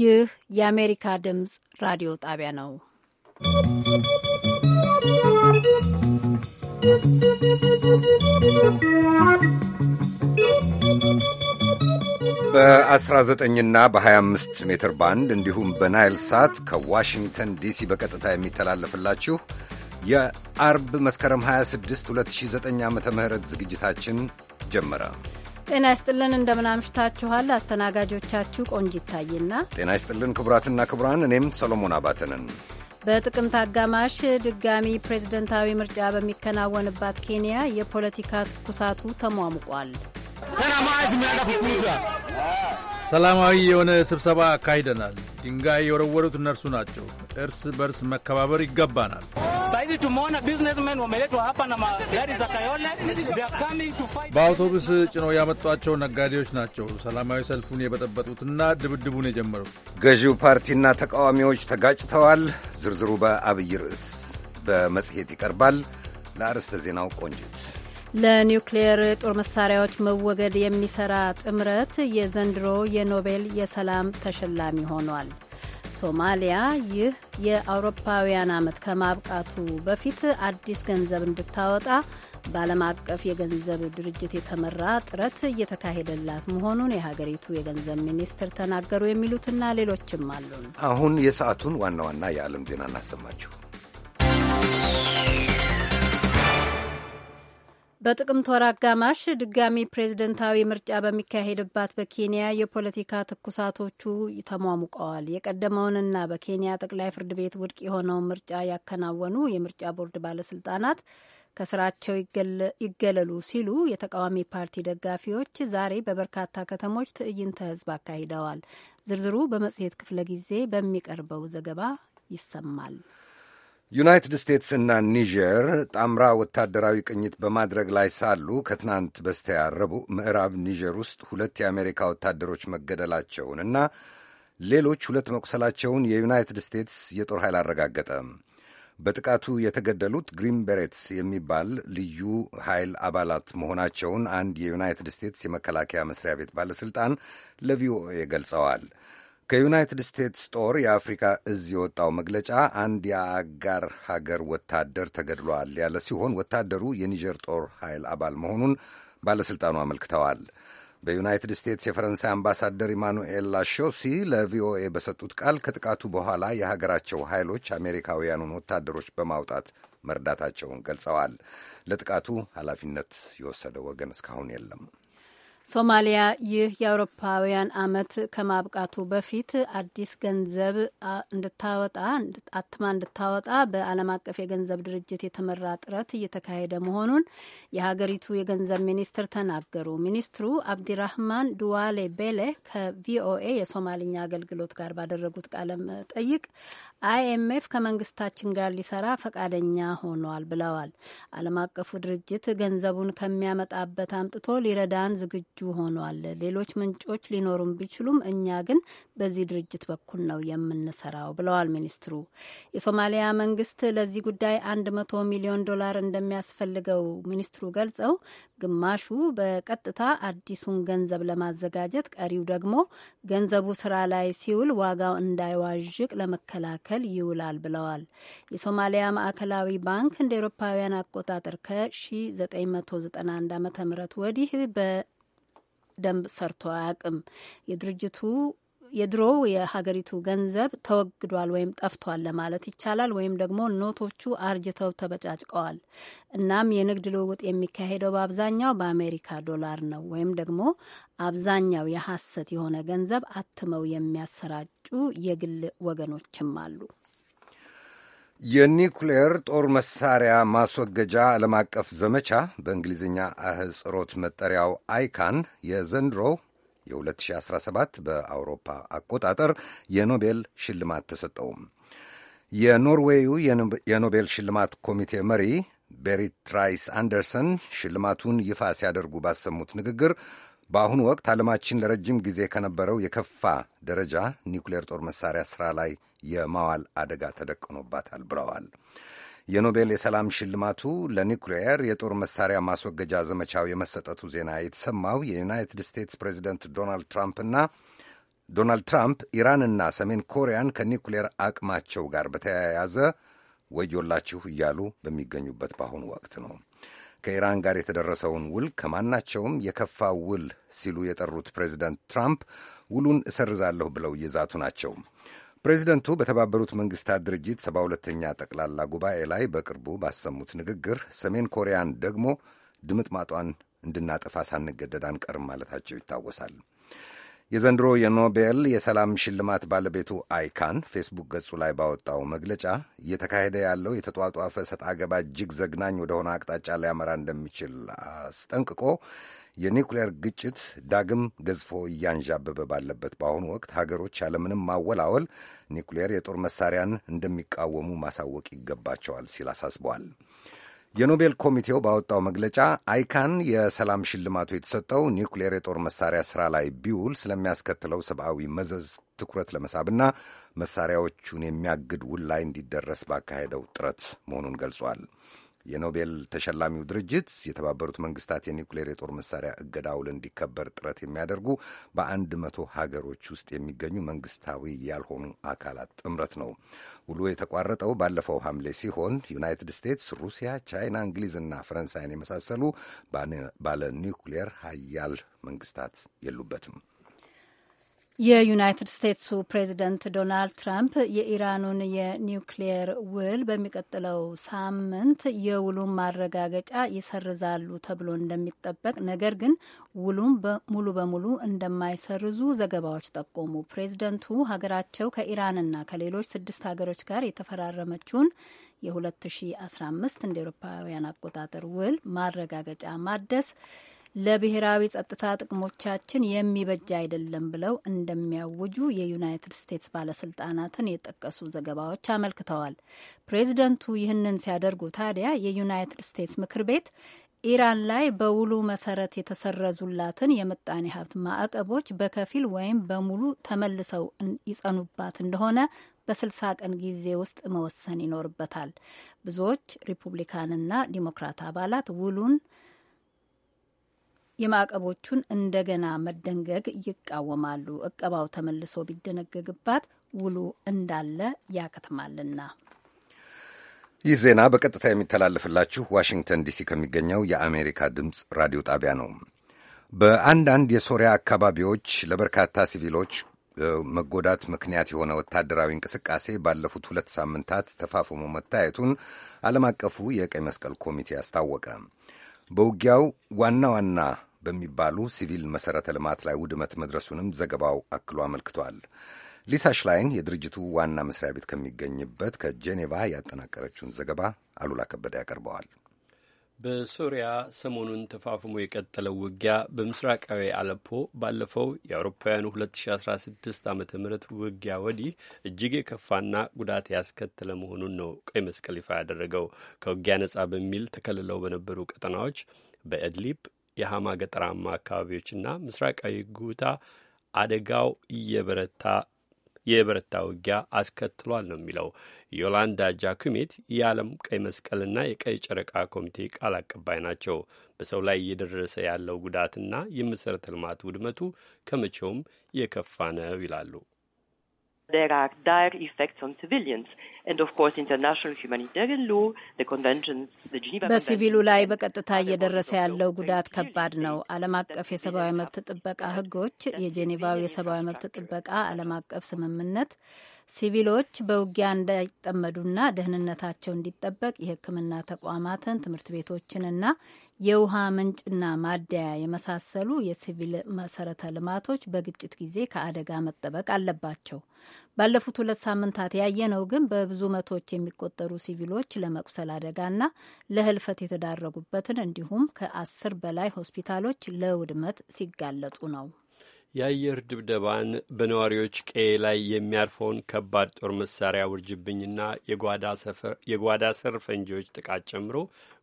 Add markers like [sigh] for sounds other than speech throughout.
ይህ የአሜሪካ ድምፅ ራዲዮ ጣቢያ ነው። በ19ና በ25 ሜትር ባንድ እንዲሁም በናይል ሳት ከዋሽንግተን ዲሲ በቀጥታ የሚተላለፍላችሁ የአርብ መስከረም 26 2009 ዓ ም ዝግጅታችን ጀመረ። ጤና ይስጥልን፣ እንደምናምሽታችኋል። አስተናጋጆቻችሁ ቆንጅ ይታይና ጤና ይስጥልን ክቡራትና ክቡራን፣ እኔም ሰሎሞን አባተንን በጥቅምት አጋማሽ ድጋሚ ፕሬዝደንታዊ ምርጫ በሚከናወንባት ኬንያ የፖለቲካ ትኩሳቱ ተሟሙቋል። ሰላማዊ የሆነ ስብሰባ አካሂደናል። ድንጋይ የወረወሩት እነርሱ ናቸው። እርስ በርስ መከባበር ይገባናል። በአውቶቡስ ጭኖ ያመጧቸው ነጋዴዎች ናቸው ሰላማዊ ሰልፉን የበጠበጡትና ድብድቡን የጀመሩት። ገዢው ፓርቲና ተቃዋሚዎች ተጋጭተዋል። ዝርዝሩ በአብይ ርዕስ በመጽሔት ይቀርባል። ለአርዕስተ ዜናው ቆንጅት ለኒውክሌየር ጦር መሳሪያዎች መወገድ የሚሰራ ጥምረት የዘንድሮ የኖቤል የሰላም ተሸላሚ ሆኗል። ሶማሊያ ይህ የአውሮፓውያን ዓመት ከማብቃቱ በፊት አዲስ ገንዘብ እንድታወጣ በዓለም አቀፍ የገንዘብ ድርጅት የተመራ ጥረት እየተካሄደላት መሆኑን የሀገሪቱ የገንዘብ ሚኒስትር ተናገሩ። የሚሉትና ሌሎችም አሉን። አሁን የሰዓቱን ዋና ዋና የዓለም ዜና እናሰማችሁ። በጥቅምት ወር አጋማሽ ድጋሚ ፕሬዝደንታዊ ምርጫ በሚካሄድባት በኬንያ የፖለቲካ ትኩሳቶቹ ተሟሙቀዋል። የቀደመውንና በኬንያ ጠቅላይ ፍርድ ቤት ውድቅ የሆነውን ምርጫ ያከናወኑ የምርጫ ቦርድ ባለስልጣናት ከስራቸው ይገለሉ ሲሉ የተቃዋሚ ፓርቲ ደጋፊዎች ዛሬ በበርካታ ከተሞች ትዕይንተ ህዝብ አካሂደዋል። ዝርዝሩ በመጽሔት ክፍለ ጊዜ በሚቀርበው ዘገባ ይሰማል። ዩናይትድ ስቴትስ እና ኒጀር ጣምራ ወታደራዊ ቅኝት በማድረግ ላይ ሳሉ ከትናንት በስቲያ ረቡዕ ምዕራብ ኒጀር ውስጥ ሁለት የአሜሪካ ወታደሮች መገደላቸውንና ሌሎች ሁለት መቁሰላቸውን የዩናይትድ ስቴትስ የጦር ኃይል አረጋገጠ። በጥቃቱ የተገደሉት ግሪን ቤሬትስ የሚባል ልዩ ኃይል አባላት መሆናቸውን አንድ የዩናይትድ ስቴትስ የመከላከያ መስሪያ ቤት ባለሥልጣን ለቪኦኤ ገልጸዋል። ከዩናይትድ ስቴትስ ጦር የአፍሪካ እዝ የወጣው መግለጫ አንድ የአጋር ሀገር ወታደር ተገድሏል ያለ ሲሆን ወታደሩ የኒጀር ጦር ኃይል አባል መሆኑን ባለሥልጣኑ አመልክተዋል። በዩናይትድ ስቴትስ የፈረንሳይ አምባሳደር ኢማኑኤል ላሾሲ ለቪኦኤ በሰጡት ቃል ከጥቃቱ በኋላ የሀገራቸው ኃይሎች አሜሪካውያኑን ወታደሮች በማውጣት መርዳታቸውን ገልጸዋል። ለጥቃቱ ኃላፊነት የወሰደ ወገን እስካሁን የለም። ሶማሊያ ይህ የአውሮፓውያን አመት ከማብቃቱ በፊት አዲስ ገንዘብ እንድታወጣ አትማ እንድታወጣ በዓለም አቀፍ የገንዘብ ድርጅት የተመራ ጥረት እየተካሄደ መሆኑን የሀገሪቱ የገንዘብ ሚኒስትር ተናገሩ። ሚኒስትሩ አብዲራህማን ዱዋሌ ቤሌ ከቪኦኤ የሶማልኛ አገልግሎት ጋር ባደረጉት ቃለ መጠይቅ አይኤምኤፍ ከመንግስታችን ጋር ሊሰራ ፈቃደኛ ሆኗል ብለዋል። ዓለም አቀፉ ድርጅት ገንዘቡን ከሚያመጣበት አምጥቶ ሊረዳን ዝግጁ ሆኗል። ሌሎች ምንጮች ሊኖሩም ቢችሉም እኛ ግን በዚህ ድርጅት በኩል ነው የምንሰራው ብለዋል ሚኒስትሩ። የሶማሊያ መንግስት ለዚህ ጉዳይ አንድ መቶ ሚሊዮን ዶላር እንደሚያስፈልገው ሚኒስትሩ ገልጸው ግማሹ በቀጥታ አዲሱን ገንዘብ ለማዘጋጀት፣ ቀሪው ደግሞ ገንዘቡ ስራ ላይ ሲውል ዋጋው እንዳይዋዥቅ ለመከላከል ይውላል ብለዋል። የሶማሊያ ማዕከላዊ ባንክ እንደ ኤሮፓውያን አቆጣጠር ከ1991 ዓ ም ወዲህ በደንብ ሰርቶ አያውቅም። የድርጅቱ የድሮ የሀገሪቱ ገንዘብ ተወግዷል ወይም ጠፍቷል ለማለት ይቻላል። ወይም ደግሞ ኖቶቹ አርጅተው ተበጫጭቀዋል። እናም የንግድ ልውውጥ የሚካሄደው በአብዛኛው በአሜሪካ ዶላር ነው። ወይም ደግሞ አብዛኛው የሐሰት የሆነ ገንዘብ አትመው የሚያሰራጩ የግል ወገኖችም አሉ። የኒውክሌር ጦር መሳሪያ ማስወገጃ ዓለም አቀፍ ዘመቻ በእንግሊዝኛ አህጽሮት መጠሪያው አይካን የዘንድሮው የ2017 በአውሮፓ አቆጣጠር የኖቤል ሽልማት ተሰጠውም። የኖርዌዩ የኖቤል ሽልማት ኮሚቴ መሪ ቤሪት ትራይስ አንደርሰን ሽልማቱን ይፋ ሲያደርጉ ባሰሙት ንግግር በአሁኑ ወቅት ዓለማችን ለረጅም ጊዜ ከነበረው የከፋ ደረጃ ኒውክሌር ጦር መሳሪያ ሥራ ላይ የማዋል አደጋ ተደቅኖባታል ብለዋል። የኖቤል የሰላም ሽልማቱ ለኒኩሌየር የጦር መሳሪያ ማስወገጃ ዘመቻው የመሰጠቱ ዜና የተሰማው የዩናይትድ ስቴትስ ፕሬዚደንት ዶናልድ ትራምፕና ዶናልድ ትራምፕ ኢራንና ሰሜን ኮሪያን ከኒውክሌር አቅማቸው ጋር በተያያዘ ወዮላችሁ እያሉ በሚገኙበት በአሁኑ ወቅት ነው። ከኢራን ጋር የተደረሰውን ውል ከማናቸውም የከፋ ውል ሲሉ የጠሩት ፕሬዚደንት ትራምፕ ውሉን እሰርዛለሁ ብለው እየዛቱ ናቸው። ፕሬዚደንቱ በተባበሩት መንግስታት ድርጅት ሰባ ሁለተኛ ጠቅላላ ጉባኤ ላይ በቅርቡ ባሰሙት ንግግር ሰሜን ኮሪያን ደግሞ ድምጥማጧን እንድናጠፋ ሳንገደድ አንቀርም ማለታቸው ይታወሳል። የዘንድሮ የኖቤል የሰላም ሽልማት ባለቤቱ አይካን ፌስቡክ ገጹ ላይ ባወጣው መግለጫ እየተካሄደ ያለው የተጧጧፈ ሰጣ ገባ እጅግ ዘግናኝ ወደሆነ አቅጣጫ ሊያመራ እንደሚችል አስጠንቅቆ የኒውክሌር ግጭት ዳግም ገዝፎ እያንዣበበ ባለበት በአሁኑ ወቅት ሀገሮች ያለምንም ማወላወል ኒውክሌር የጦር መሳሪያን እንደሚቃወሙ ማሳወቅ ይገባቸዋል ሲል አሳስበዋል። የኖቤል ኮሚቴው ባወጣው መግለጫ አይካን የሰላም ሽልማቱ የተሰጠው ኒውክሌር የጦር መሳሪያ ሥራ ላይ ቢውል ስለሚያስከትለው ሰብአዊ መዘዝ ትኩረት ለመሳብና መሳሪያዎቹን የሚያግድ ውል ላይ እንዲደረስ ባካሄደው ጥረት መሆኑን ገልጿል። የኖቤል ተሸላሚው ድርጅት የተባበሩት መንግስታት የኒውክሌር የጦር መሳሪያ እገዳ ውል እንዲከበር ጥረት የሚያደርጉ በአንድ መቶ ሀገሮች ውስጥ የሚገኙ መንግስታዊ ያልሆኑ አካላት ጥምረት ነው። ውሉ የተቋረጠው ባለፈው ሐምሌ ሲሆን ዩናይትድ ስቴትስ፣ ሩሲያ፣ ቻይና፣ እንግሊዝና ፈረንሳይን የመሳሰሉ ባለ ኒውክሌር ሀያል መንግስታት የሉበትም። የዩናይትድ ስቴትሱ ፕሬዚደንት ዶናልድ ትራምፕ የኢራኑን የኒውክሊየር ውል በሚቀጥለው ሳምንት የውሉን ማረጋገጫ ይሰርዛሉ ተብሎ እንደሚጠበቅ ነገር ግን ውሉም ሙሉ በሙሉ እንደማይሰርዙ ዘገባዎች ጠቆሙ። ፕሬዚደንቱ ሀገራቸው ከኢራንና ከሌሎች ስድስት ሀገሮች ጋር የተፈራረመችውን የ2015 እንደ ኤሮፓውያን አቆጣጠር ውል ማረጋገጫ ማደስ ለብሔራዊ ጸጥታ ጥቅሞቻችን የሚበጅ አይደለም ብለው እንደሚያውጁ የዩናይትድ ስቴትስ ባለስልጣናትን የጠቀሱ ዘገባዎች አመልክተዋል። ፕሬዚደንቱ ይህንን ሲያደርጉ ታዲያ የዩናይትድ ስቴትስ ምክር ቤት ኢራን ላይ በውሉ መሰረት የተሰረዙላትን የምጣኔ ሀብት ማዕቀቦች በከፊል ወይም በሙሉ ተመልሰው ይጸኑባት እንደሆነ በስልሳ ቀን ጊዜ ውስጥ መወሰን ይኖርበታል። ብዙዎች ሪፑብሊካንና ዲሞክራት አባላት ውሉን የማዕቀቦቹን እንደገና መደንገግ ይቃወማሉ። እቀባው ተመልሶ ቢደነገግባት ውሉ እንዳለ ያከትማልና። ይህ ዜና በቀጥታ የሚተላለፍላችሁ ዋሽንግተን ዲሲ ከሚገኘው የአሜሪካ ድምፅ ራዲዮ ጣቢያ ነው። በአንዳንድ የሶሪያ አካባቢዎች ለበርካታ ሲቪሎች መጎዳት ምክንያት የሆነ ወታደራዊ እንቅስቃሴ ባለፉት ሁለት ሳምንታት ተፋፍሞ መታየቱን ዓለም አቀፉ የቀይ መስቀል ኮሚቴ አስታወቀ። በውጊያው ዋና ዋና በሚባሉ ሲቪል መሠረተ ልማት ላይ ውድመት መድረሱንም ዘገባው አክሎ አመልክቷል። ሊሳ ሽላይን የድርጅቱ ዋና መስሪያ ቤት ከሚገኝበት ከጄኔቫ ያጠናቀረችውን ዘገባ አሉላ ከበደ ያቀርበዋል። በሶሪያ ሰሞኑን ተፋፍሞ የቀጠለው ውጊያ በምስራቃዊ አለፖ ባለፈው የአውሮፓውያኑ 2016 ዓ ም ውጊያ ወዲህ እጅግ የከፋና ጉዳት ያስከተለ መሆኑን ነው ቀይ መስቀል ይፋ ያደረገው። ከውጊያ ነጻ በሚል ተከልለው በነበሩ ቀጠናዎች በኤድሊብ የሃማ ገጠራማ አካባቢዎችና ምስራቃዊ ጉታ አደጋው እየበረታ የበረታ ውጊያ አስከትሏል ነው የሚለው ዮላንዳ ጃኩሜት የዓለም ቀይ መስቀልና የቀይ ጨረቃ ኮሚቴ ቃል አቀባይ ናቸው። በሰው ላይ እየደረሰ ያለው ጉዳትና የመሠረተ ልማት ውድመቱ ከመቼውም የከፋ ነው ይላሉ። there are dire effects on civilians. በሲቪሉ ላይ በቀጥታ እየደረሰ ያለው ጉዳት ከባድ ነው። አለም አቀፍ የሰብአዊ መብት ጥበቃ ህጎች የጄኔቫው የሰብአዊ መብት ጥበቃ ዓለም አቀፍ ስምምነት ሲቪሎች በውጊያ እንዳይጠመዱና ደህንነታቸው እንዲጠበቅ የሕክምና ተቋማትን፣ ትምህርት ቤቶችንና የውሃ ምንጭና ማደያ የመሳሰሉ የሲቪል መሰረተ ልማቶች በግጭት ጊዜ ከአደጋ መጠበቅ አለባቸው። ባለፉት ሁለት ሳምንታት ያየነው ግን በብዙ መቶዎች የሚቆጠሩ ሲቪሎች ለመቁሰል አደጋና ለህልፈት የተዳረጉበትን እንዲሁም ከአስር በላይ ሆስፒታሎች ለውድመት ሲጋለጡ ነው። የአየር ድብደባን በነዋሪዎች ቀዬ ላይ የሚያርፈውን ከባድ ጦር መሳሪያ ውርጅብኝና የጓዳ ስር ፈንጂዎች ጥቃት ጨምሮ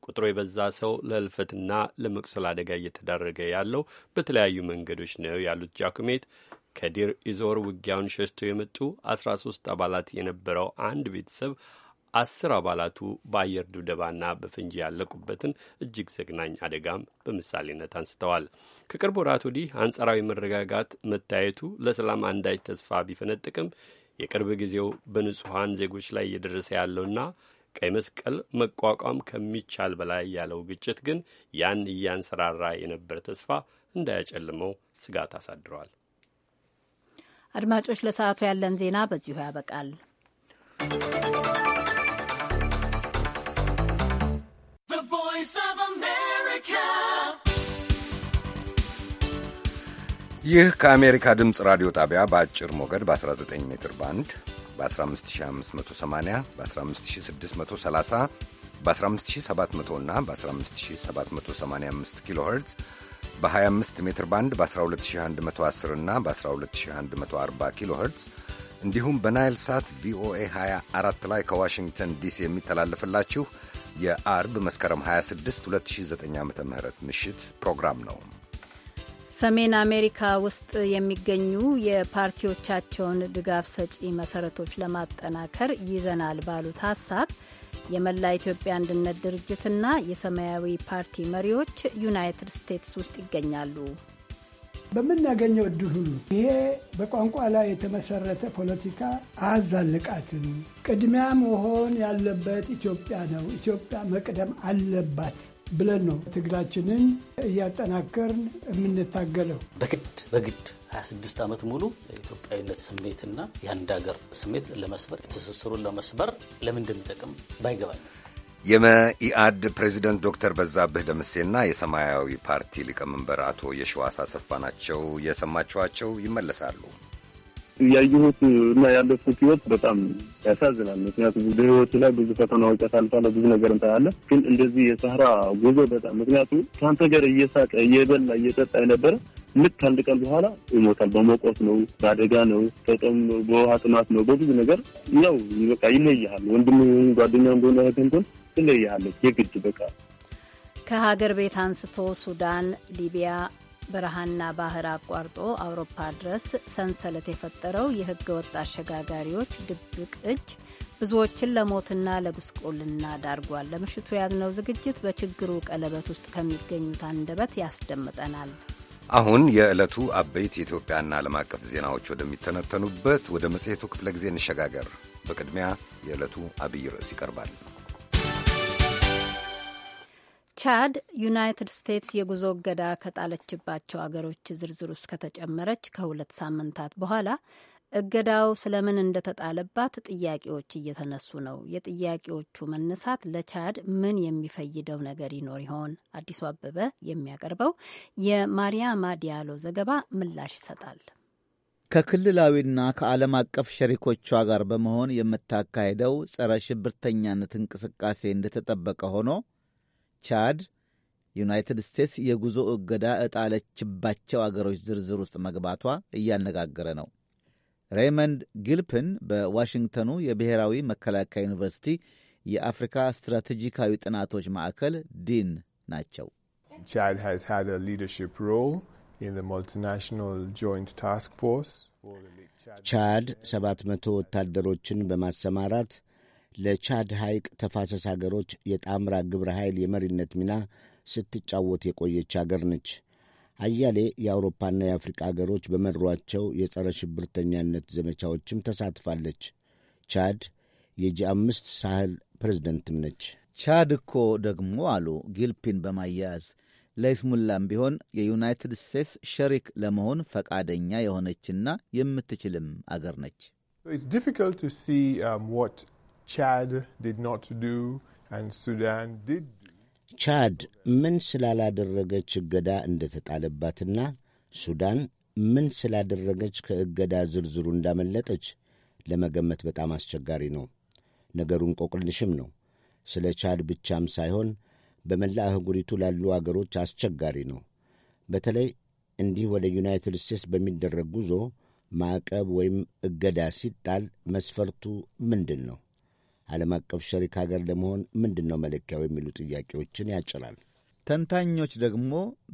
ቁጥሩ የበዛ ሰው ለህልፈትና ለመቁሰል አደጋ እየተዳረገ ያለው በተለያዩ መንገዶች ነው ያሉት ጃኩሜት ከዲር ኢዞር ውጊያውን ሸሽቶ የመጡ አስራ ሶስት አባላት የነበረው አንድ ቤተሰብ አስር አባላቱ በአየር ድብደባና በፍንጂ ያለቁበትን እጅግ ዘግናኝ አደጋም በምሳሌነት አንስተዋል። ከቅርብ ወራት ወዲህ አንጻራዊ መረጋጋት መታየቱ ለሰላም አንዳች ተስፋ ቢፈነጥቅም የቅርብ ጊዜው በንጹሐን ዜጎች ላይ እየደረሰ ያለውና ቀይ መስቀል መቋቋም ከሚቻል በላይ ያለው ግጭት ግን ያን እያንሰራራ የነበረ ተስፋ እንዳያጨልመው ስጋት አሳድረዋል። አድማጮች፣ ለሰዓቱ ያለን ዜና በዚሁ ያበቃል። ይህ ከአሜሪካ ድምፅ ራዲዮ ጣቢያ በአጭር ሞገድ በ19 ሜትር ባንድ በ15580 በ15630 በ15700 እና በ15785 ኪሎ ኸርትዝ በ25 ሜትር ባንድ በ12110 እና በ12140 ኪሎ ኸርትዝ እንዲሁም በናይል ሳት ቪኦኤ 24 ላይ ከዋሽንግተን ዲሲ የሚተላለፍላችሁ የአርብ መስከረም 26 2009 ዓ ም ምሽት ፕሮግራም ነው። ሰሜን አሜሪካ ውስጥ የሚገኙ የፓርቲዎቻቸውን ድጋፍ ሰጪ መሰረቶች ለማጠናከር ይዘናል ባሉት ሀሳብ የመላ ኢትዮጵያ አንድነት ድርጅትና የሰማያዊ ፓርቲ መሪዎች ዩናይትድ ስቴትስ ውስጥ ይገኛሉ። በምናገኘው እድል ሁሉ ይሄ በቋንቋ ላይ የተመሰረተ ፖለቲካ አያዛልቃትም። ቅድሚያ መሆን ያለበት ኢትዮጵያ ነው። ኢትዮጵያ መቅደም አለባት። ብለን ነው ትግላችንን እያጠናከርን የምንታገለው። በግድ በግድ 26 ዓመት ሙሉ የኢትዮጵያዊነት ስሜትና የአንድ ሀገር ስሜት ለመስበር ትስስሩን ለመስበር ለምን እንደሚጠቅም ባይገባል። የመኢአድ ፕሬዚደንት ዶክተር በዛብህ ደምሴና የሰማያዊ ፓርቲ ሊቀመንበር አቶ የሸዋስ አሰፋ ናቸው የሰማችኋቸው። ይመለሳሉ። ያየሁት እና ያለፍኩት ህይወት በጣም ያሳዝናል። ምክንያቱም በህይወቱ ላይ ብዙ ፈተናዎች ያሳልፋለ፣ ብዙ ነገር እንታያለ። ግን እንደዚህ የሳህራ ጉዞ በጣም ምክንያቱም ከአንተ ጋር እየሳቀ እየበላ እየጠጣ የነበረ ልክ አንድ ቀን በኋላ ይሞታል። በሞቆት ነው፣ በአደጋ ነው፣ በጠም በውሃ ጥማት ነው፣ በብዙ ነገር ያው በቃ ይለይሃል። ወንድም ይሁን ጓደኛ እንደሆነ ህትንትን ትለይሃለች የግድ በቃ ከሀገር ቤት አንስቶ ሱዳን፣ ሊቢያ በረሃና ባህር አቋርጦ አውሮፓ ድረስ ሰንሰለት የፈጠረው የህገ ወጥ አሸጋጋሪዎች ድብቅ እጅ ብዙዎችን ለሞትና ለጉስቁልና ዳርጓል። ለምሽቱ የያዝነው ዝግጅት በችግሩ ቀለበት ውስጥ ከሚገኙት አንደበት ያስደምጠናል። አሁን የዕለቱ አበይት የኢትዮጵያና ዓለም አቀፍ ዜናዎች ወደሚተነተኑበት ወደ መጽሔቱ ክፍለ ጊዜ እንሸጋገር። በቅድሚያ የዕለቱ አብይ ርዕስ ይቀርባል። ቻድ ዩናይትድ ስቴትስ የጉዞ እገዳ ከጣለችባቸው አገሮች ዝርዝር ውስጥ ከተጨመረች ከሁለት ሳምንታት በኋላ እገዳው ስለምን እንደተጣለባት ጥያቄዎች እየተነሱ ነው። የጥያቄዎቹ መነሳት ለቻድ ምን የሚፈይደው ነገር ይኖር ይሆን? አዲሱ አበበ የሚያቀርበው የማሪያማ ዲያሎ ዘገባ ምላሽ ይሰጣል። ከክልላዊና ከዓለም አቀፍ ሸሪኮቿ ጋር በመሆን የምታካሄደው ጸረ ሽብርተኛነት እንቅስቃሴ እንደተጠበቀ ሆኖ ቻድ ዩናይትድ ስቴትስ የጉዞ እገዳ እጣለችባቸው አገሮች ዝርዝር ውስጥ መግባቷ እያነጋገረ ነው። ሬይመንድ ጊልፕን በዋሽንግተኑ የብሔራዊ መከላከያ ዩኒቨርሲቲ የአፍሪካ ስትራቴጂካዊ ጥናቶች ማዕከል ዲን ናቸው። ቻድ 700 ቻድ ወታደሮችን በማሰማራት ለቻድ ሐይቅ ተፋሰስ አገሮች የጣምራ ግብረ ኃይል የመሪነት ሚና ስትጫወት የቆየች አገር ነች። አያሌ የአውሮፓና የአፍሪቃ አገሮች በመድሯቸው የጸረ ሽብርተኛነት ዘመቻዎችም ተሳትፋለች። ቻድ የጂ አምስት ሳህል ፕሬዝደንትም ነች። ቻድ እኮ ደግሞ አሉ ጊልፒን በማያያዝ ለይስሙላም ቢሆን የዩናይትድ ስቴትስ ሸሪክ ለመሆን ፈቃደኛ የሆነችና የምትችልም አገር ነች። ቻድ ምን ስላላደረገች እገዳ እንደተጣለባትና ሱዳን ምን ስላደረገች ከእገዳ ዝርዝሩ እንዳመለጠች ለመገመት በጣም አስቸጋሪ ነው። ነገሩን ቆቅልሽም ነው። ስለ ቻድ ብቻም ሳይሆን በመላ አህጉሪቱ ላሉ አገሮች አስቸጋሪ ነው። በተለይ እንዲህ ወደ ዩናይትድ ስቴትስ በሚደረግ ጉዞ ማዕቀብ ወይም እገዳ ሲጣል መስፈርቱ ምንድን ነው? ዓለም አቀፍ ሸሪክ ሀገር ለመሆን ምንድን ነው መለኪያው የሚሉ ጥያቄዎችን ያጭራል። ተንታኞች ደግሞ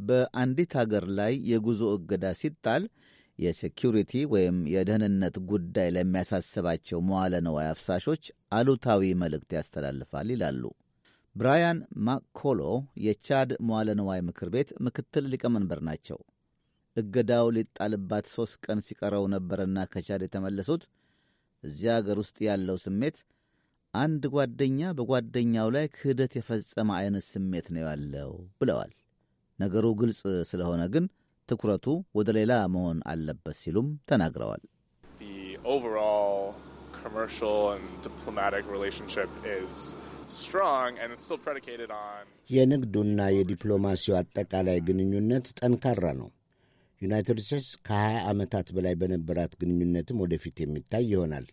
በአንዲት ሀገር ላይ የጉዞ እገዳ ሲጣል የሴኪሪቲ ወይም የደህንነት ጉዳይ ለሚያሳስባቸው መዋለ ነዋይ አፍሳሾች አሉታዊ መልእክት ያስተላልፋል ይላሉ። ብራያን ማኮሎ የቻድ መዋለ ነዋይ ምክር ቤት ምክትል ሊቀመንበር ናቸው። እገዳው ሊጣልባት ሦስት ቀን ሲቀረው ነበርና ከቻድ የተመለሱት። እዚያ አገር ውስጥ ያለው ስሜት አንድ ጓደኛ በጓደኛው ላይ ክህደት የፈጸመ አይነት ስሜት ነው ያለው ብለዋል። ነገሩ ግልጽ ስለሆነ ግን ትኩረቱ ወደ ሌላ መሆን አለበት ሲሉም ተናግረዋል። የንግዱና የዲፕሎማሲው አጠቃላይ ግንኙነት ጠንካራ ነው። ዩናይትድ ስቴትስ ከ20 ዓመታት በላይ በነበራት ግንኙነትም ወደፊት የሚታይ ይሆናል።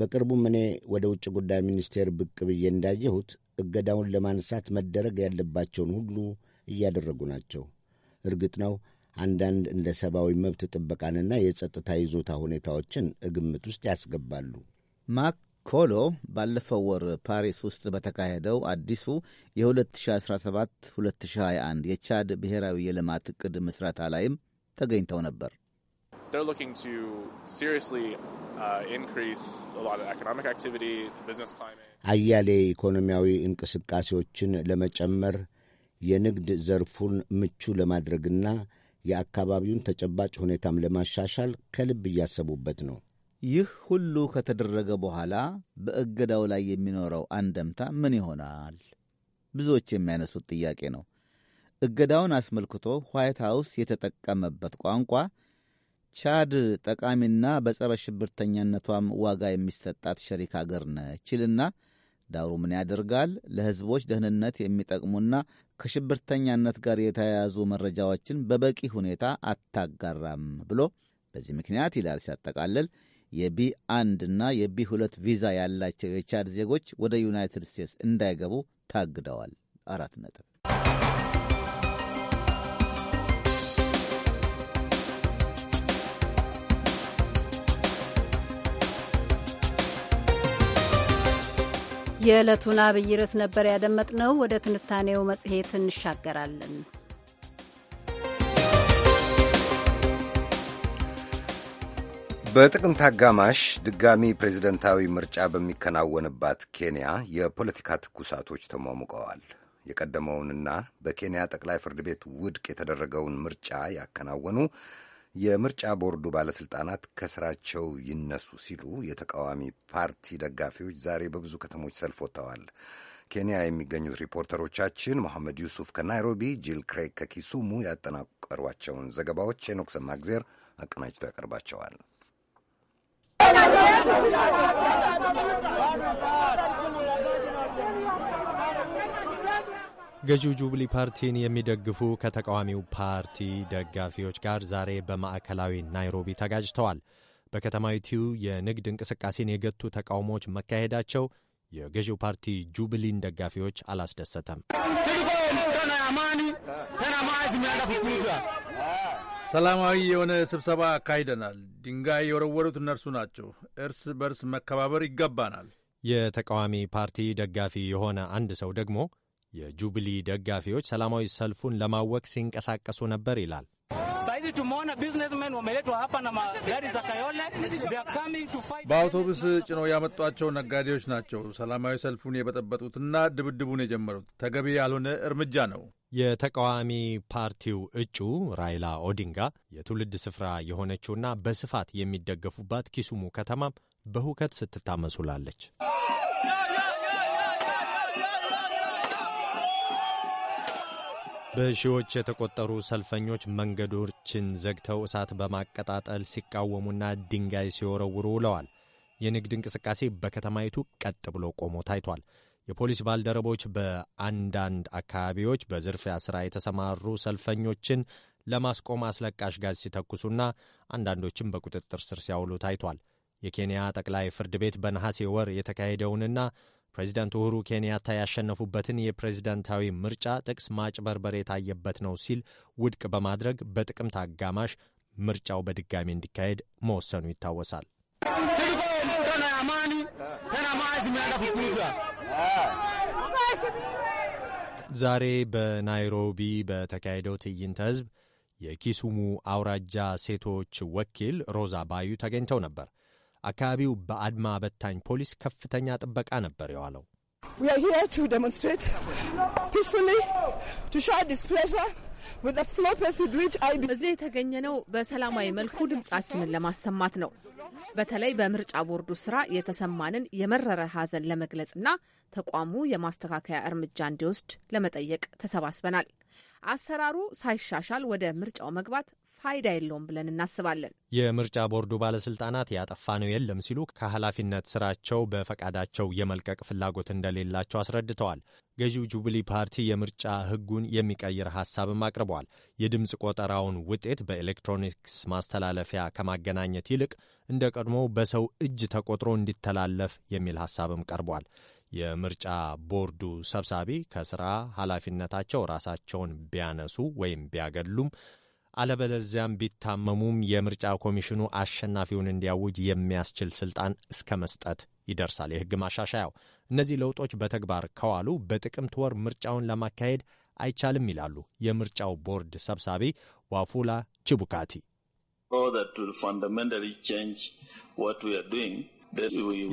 በቅርቡም እኔ ወደ ውጭ ጉዳይ ሚኒስቴር ብቅ ብዬ እንዳየሁት እገዳውን ለማንሳት መደረግ ያለባቸውን ሁሉ እያደረጉ ናቸው። እርግጥ ነው አንዳንድ እንደ ሰብአዊ መብት ጥበቃንና የጸጥታ ይዞታ ሁኔታዎችን ግምት ውስጥ ያስገባሉ። ማክ ኮሎ ባለፈው ወር ፓሪስ ውስጥ በተካሄደው አዲሱ የ2017 2021 የቻድ ብሔራዊ የልማት ዕቅድ ምስረታ ላይም ተገኝተው ነበር። they're looking to seriously uh, increase a lot of economic activity, the business climate. አያሌ ኢኮኖሚያዊ እንቅስቃሴዎችን ለመጨመር የንግድ ዘርፉን ምቹ ለማድረግና የአካባቢውን ተጨባጭ ሁኔታም ለማሻሻል ከልብ እያሰቡበት ነው። ይህ ሁሉ ከተደረገ በኋላ በእገዳው ላይ የሚኖረው አንደምታ ምን ይሆናል? ብዙዎች የሚያነሱት ጥያቄ ነው። እገዳውን አስመልክቶ ዋይት ሃውስ የተጠቀመበት ቋንቋ ቻድ ጠቃሚና በጸረ ሽብርተኛነቷም ዋጋ የሚሰጣት ሸሪክ አገር ነችልና ዳሩ ምን ያደርጋል ለሕዝቦች ደህንነት የሚጠቅሙና ከሽብርተኛነት ጋር የተያያዙ መረጃዎችን በበቂ ሁኔታ አታጋራም ብሎ በዚህ ምክንያት ይላል ሲያጠቃልል የቢ አንድ እና የቢ ሁለት ቪዛ ያላቸው የቻድ ዜጎች ወደ ዩናይትድ ስቴትስ እንዳይገቡ ታግደዋል። አራት ነጥብ የዕለቱን አብይ ርዕስ ነበር ያደመጥነው። ወደ ትንታኔው መጽሔት እንሻገራለን። በጥቅምት አጋማሽ ድጋሚ ፕሬዝደንታዊ ምርጫ በሚከናወንባት ኬንያ የፖለቲካ ትኩሳቶች ተሟሙቀዋል። የቀደመውንና በኬንያ ጠቅላይ ፍርድ ቤት ውድቅ የተደረገውን ምርጫ ያከናወኑ የምርጫ ቦርዱ ባለስልጣናት ከስራቸው ይነሱ ሲሉ የተቃዋሚ ፓርቲ ደጋፊዎች ዛሬ በብዙ ከተሞች ሰልፍ ወጥተዋል። ኬንያ የሚገኙት ሪፖርተሮቻችን መሐመድ ዩሱፍ ከናይሮቢ፣ ጂል ክሬግ ከኪሱሙ ያጠናቀሯቸውን ዘገባዎች ሄኖክ ሰማግዜር አቀናጅቶ ያቀርባቸዋል። ገዢው ጁብሊ ፓርቲን የሚደግፉ ከተቃዋሚው ፓርቲ ደጋፊዎች ጋር ዛሬ በማዕከላዊ ናይሮቢ ተጋጅተዋል። በከተማዊቱ የንግድ እንቅስቃሴን የገቱ ተቃውሞዎች መካሄዳቸው የገዢው ፓርቲ ጁብሊን ደጋፊዎች አላስደሰተም። ሰላማዊ የሆነ ስብሰባ አካሂደናል። ድንጋይ የወረወሩት እነርሱ ናቸው። እርስ በርስ መከባበር ይገባናል። የተቃዋሚ ፓርቲ ደጋፊ የሆነ አንድ ሰው ደግሞ የጁብሊ ደጋፊዎች ሰላማዊ ሰልፉን ለማወቅ ሲንቀሳቀሱ ነበር ይላል። ሳይዚ ሀፓና ማጋሪ ዛካዮለ በአውቶቡስ ጭነው ያመጧቸው ነጋዴዎች ናቸው ሰላማዊ ሰልፉን የበጠበጡትና ድብድቡን የጀመሩት ተገቢ ያልሆነ እርምጃ ነው። የተቃዋሚ ፓርቲው እጩ ራይላ ኦዲንጋ የትውልድ ስፍራ የሆነችውና በስፋት የሚደገፉባት ኪሱሙ ከተማም በሁከት ስትታመሱላለች። በሺዎች የተቆጠሩ ሰልፈኞች መንገዶችን ዘግተው እሳት በማቀጣጠል ሲቃወሙና ድንጋይ ሲወረውሩ ውለዋል። የንግድ እንቅስቃሴ በከተማይቱ ቀጥ ብሎ ቆሞ ታይቷል። የፖሊስ ባልደረቦች በአንዳንድ አካባቢዎች በዝርፊያ ሥራ የተሰማሩ ሰልፈኞችን ለማስቆም አስለቃሽ ጋዝ ሲተኩሱና አንዳንዶችም በቁጥጥር ስር ሲያውሉ ታይቷል። የኬንያ ጠቅላይ ፍርድ ቤት በነሐሴ ወር የተካሄደውንና ፕሬዚዳንት ኡሁሩ ኬንያታ ያሸነፉበትን የፕሬዝዳንታዊ ምርጫ ጥቅስ ማጭበርበር የታየበት ነው ሲል ውድቅ በማድረግ በጥቅምት አጋማሽ ምርጫው በድጋሚ እንዲካሄድ መወሰኑ ይታወሳል። ዛሬ በናይሮቢ በተካሄደው ትዕይንተ ህዝብ የኪሱሙ አውራጃ ሴቶች ወኪል ሮዛ ባዩ ተገኝተው ነበር። አካባቢው በአድማ በታኝ ፖሊስ ከፍተኛ ጥበቃ ነበር የዋለው። እዚህ የተገኘነው በሰላማዊ መልኩ ድምፃችንን ለማሰማት ነው። በተለይ በምርጫ ቦርዱ ስራ የተሰማንን የመረረ ሐዘን ለመግለጽና ተቋሙ የማስተካከያ እርምጃ እንዲወስድ ለመጠየቅ ተሰባስበናል። አሰራሩ ሳይሻሻል ወደ ምርጫው መግባት ፋይዳ የለውም ብለን እናስባለን። የምርጫ ቦርዱ ባለስልጣናት ያጠፋ ነው የለም ሲሉ ከኃላፊነት ስራቸው በፈቃዳቸው የመልቀቅ ፍላጎት እንደሌላቸው አስረድተዋል። ገዢው ጁብሊ ፓርቲ የምርጫ ሕጉን የሚቀይር ሀሳብም አቅርበዋል። የድምፅ ቆጠራውን ውጤት በኤሌክትሮኒክስ ማስተላለፊያ ከማገናኘት ይልቅ እንደ ቀድሞው በሰው እጅ ተቆጥሮ እንዲተላለፍ የሚል ሀሳብም ቀርቧል። የምርጫ ቦርዱ ሰብሳቢ ከስራ ኃላፊነታቸው ራሳቸውን ቢያነሱ ወይም ቢያገሉም አለበለዚያም ቢታመሙም የምርጫ ኮሚሽኑ አሸናፊውን እንዲያውጅ የሚያስችል ስልጣን እስከ መስጠት ይደርሳል። የሕግ ማሻሻያው እነዚህ ለውጦች በተግባር ከዋሉ በጥቅምት ወር ምርጫውን ለማካሄድ አይቻልም ይላሉ የምርጫው ቦርድ ሰብሳቢ ዋፉላ ቺቡካቲ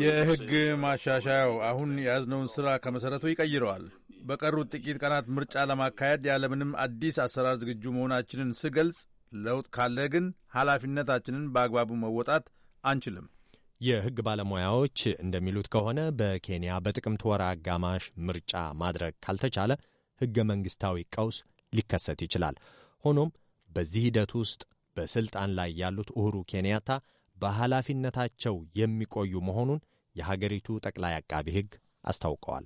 የህግ ማሻሻያው አሁን የያዝነውን ስራ ከመሰረቱ ይቀይረዋል። በቀሩት ጥቂት ቀናት ምርጫ ለማካሄድ ያለምንም አዲስ አሰራር ዝግጁ መሆናችንን ስገልጽ፣ ለውጥ ካለ ግን ኃላፊነታችንን በአግባቡ መወጣት አንችልም። የህግ ባለሙያዎች እንደሚሉት ከሆነ በኬንያ በጥቅምት ወር አጋማሽ ምርጫ ማድረግ ካልተቻለ ህገ መንግሥታዊ ቀውስ ሊከሰት ይችላል። ሆኖም በዚህ ሂደት ውስጥ በስልጣን ላይ ያሉት ኡሁሩ ኬንያታ በኃላፊነታቸው የሚቆዩ መሆኑን የሀገሪቱ ጠቅላይ አቃቢ ሕግ አስታውቀዋል።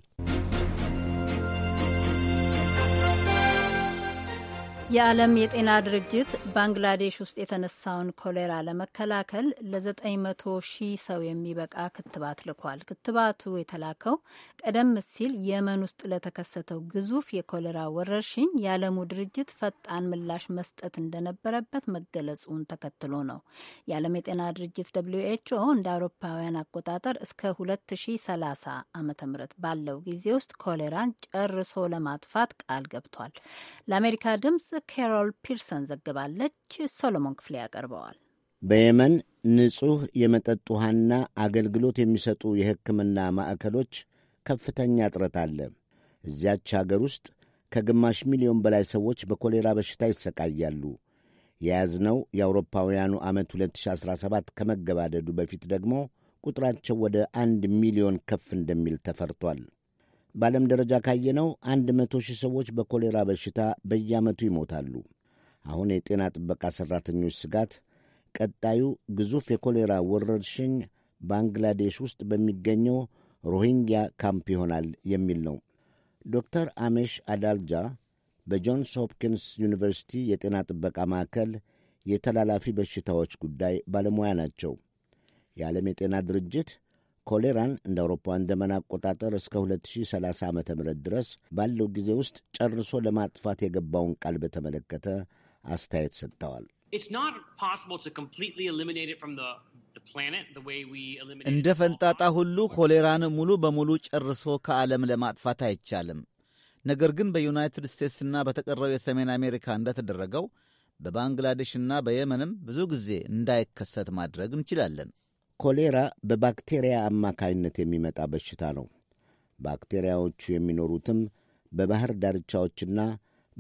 የዓለም የጤና ድርጅት ባንግላዴሽ ውስጥ የተነሳውን ኮሌራ ለመከላከል ለ900 ሺህ ሰው የሚበቃ ክትባት ልኳል። ክትባቱ የተላከው ቀደም ሲል የመን ውስጥ ለተከሰተው ግዙፍ የኮሌራ ወረርሽኝ የዓለሙ ድርጅት ፈጣን ምላሽ መስጠት እንደነበረበት መገለጹን ተከትሎ ነው። የዓለም የጤና ድርጅት ደብልዩ ኤች ኦ እንደ አውሮፓውያን አቆጣጠር እስከ 2030 ዓ ም ባለው ጊዜ ውስጥ ኮሌራን ጨርሶ ለማጥፋት ቃል ገብቷል። ለአሜሪካ ድምጽ ኬሮል ፒርሰን ዘግባለች። ሶሎሞን ክፍሌ ያቀርበዋል። በየመን ንጹሕ የመጠጥ ውሃና አገልግሎት የሚሰጡ የሕክምና ማዕከሎች ከፍተኛ እጥረት አለ። እዚያች አገር ውስጥ ከግማሽ ሚሊዮን በላይ ሰዎች በኮሌራ በሽታ ይሰቃያሉ። የያዝነው የአውሮፓውያኑ ዓመት 2017 ከመገባደዱ በፊት ደግሞ ቁጥራቸው ወደ አንድ ሚሊዮን ከፍ እንደሚል ተፈርቷል። በዓለም ደረጃ ካየነው አንድ መቶ ሺህ ሰዎች በኮሌራ በሽታ በየዓመቱ ይሞታሉ። አሁን የጤና ጥበቃ ሠራተኞች ስጋት ቀጣዩ ግዙፍ የኮሌራ ወረርሽኝ ባንግላዴሽ ውስጥ በሚገኘው ሮሂንግያ ካምፕ ይሆናል የሚል ነው። ዶክተር አሜሽ አዳልጃ በጆንስ ሆፕኪንስ ዩኒቨርሲቲ የጤና ጥበቃ ማዕከል የተላላፊ በሽታዎች ጉዳይ ባለሙያ ናቸው። የዓለም የጤና ድርጅት ኮሌራን እንደ አውሮፓውያን ዘመን አቆጣጠር እስከ 2030 ዓ ም ድረስ ባለው ጊዜ ውስጥ ጨርሶ ለማጥፋት የገባውን ቃል በተመለከተ አስተያየት ሰጥተዋል። እንደ ፈንጣጣ ሁሉ ኮሌራን ሙሉ በሙሉ ጨርሶ ከዓለም ለማጥፋት አይቻልም። ነገር ግን በዩናይትድ ስቴትስና በተቀረው የሰሜን አሜሪካ እንደተደረገው በባንግላዴሽና በየመንም ብዙ ጊዜ እንዳይከሰት ማድረግ እንችላለን። ኮሌራ በባክቴሪያ አማካይነት የሚመጣ በሽታ ነው። ባክቴሪያዎቹ የሚኖሩትም በባህር ዳርቻዎችና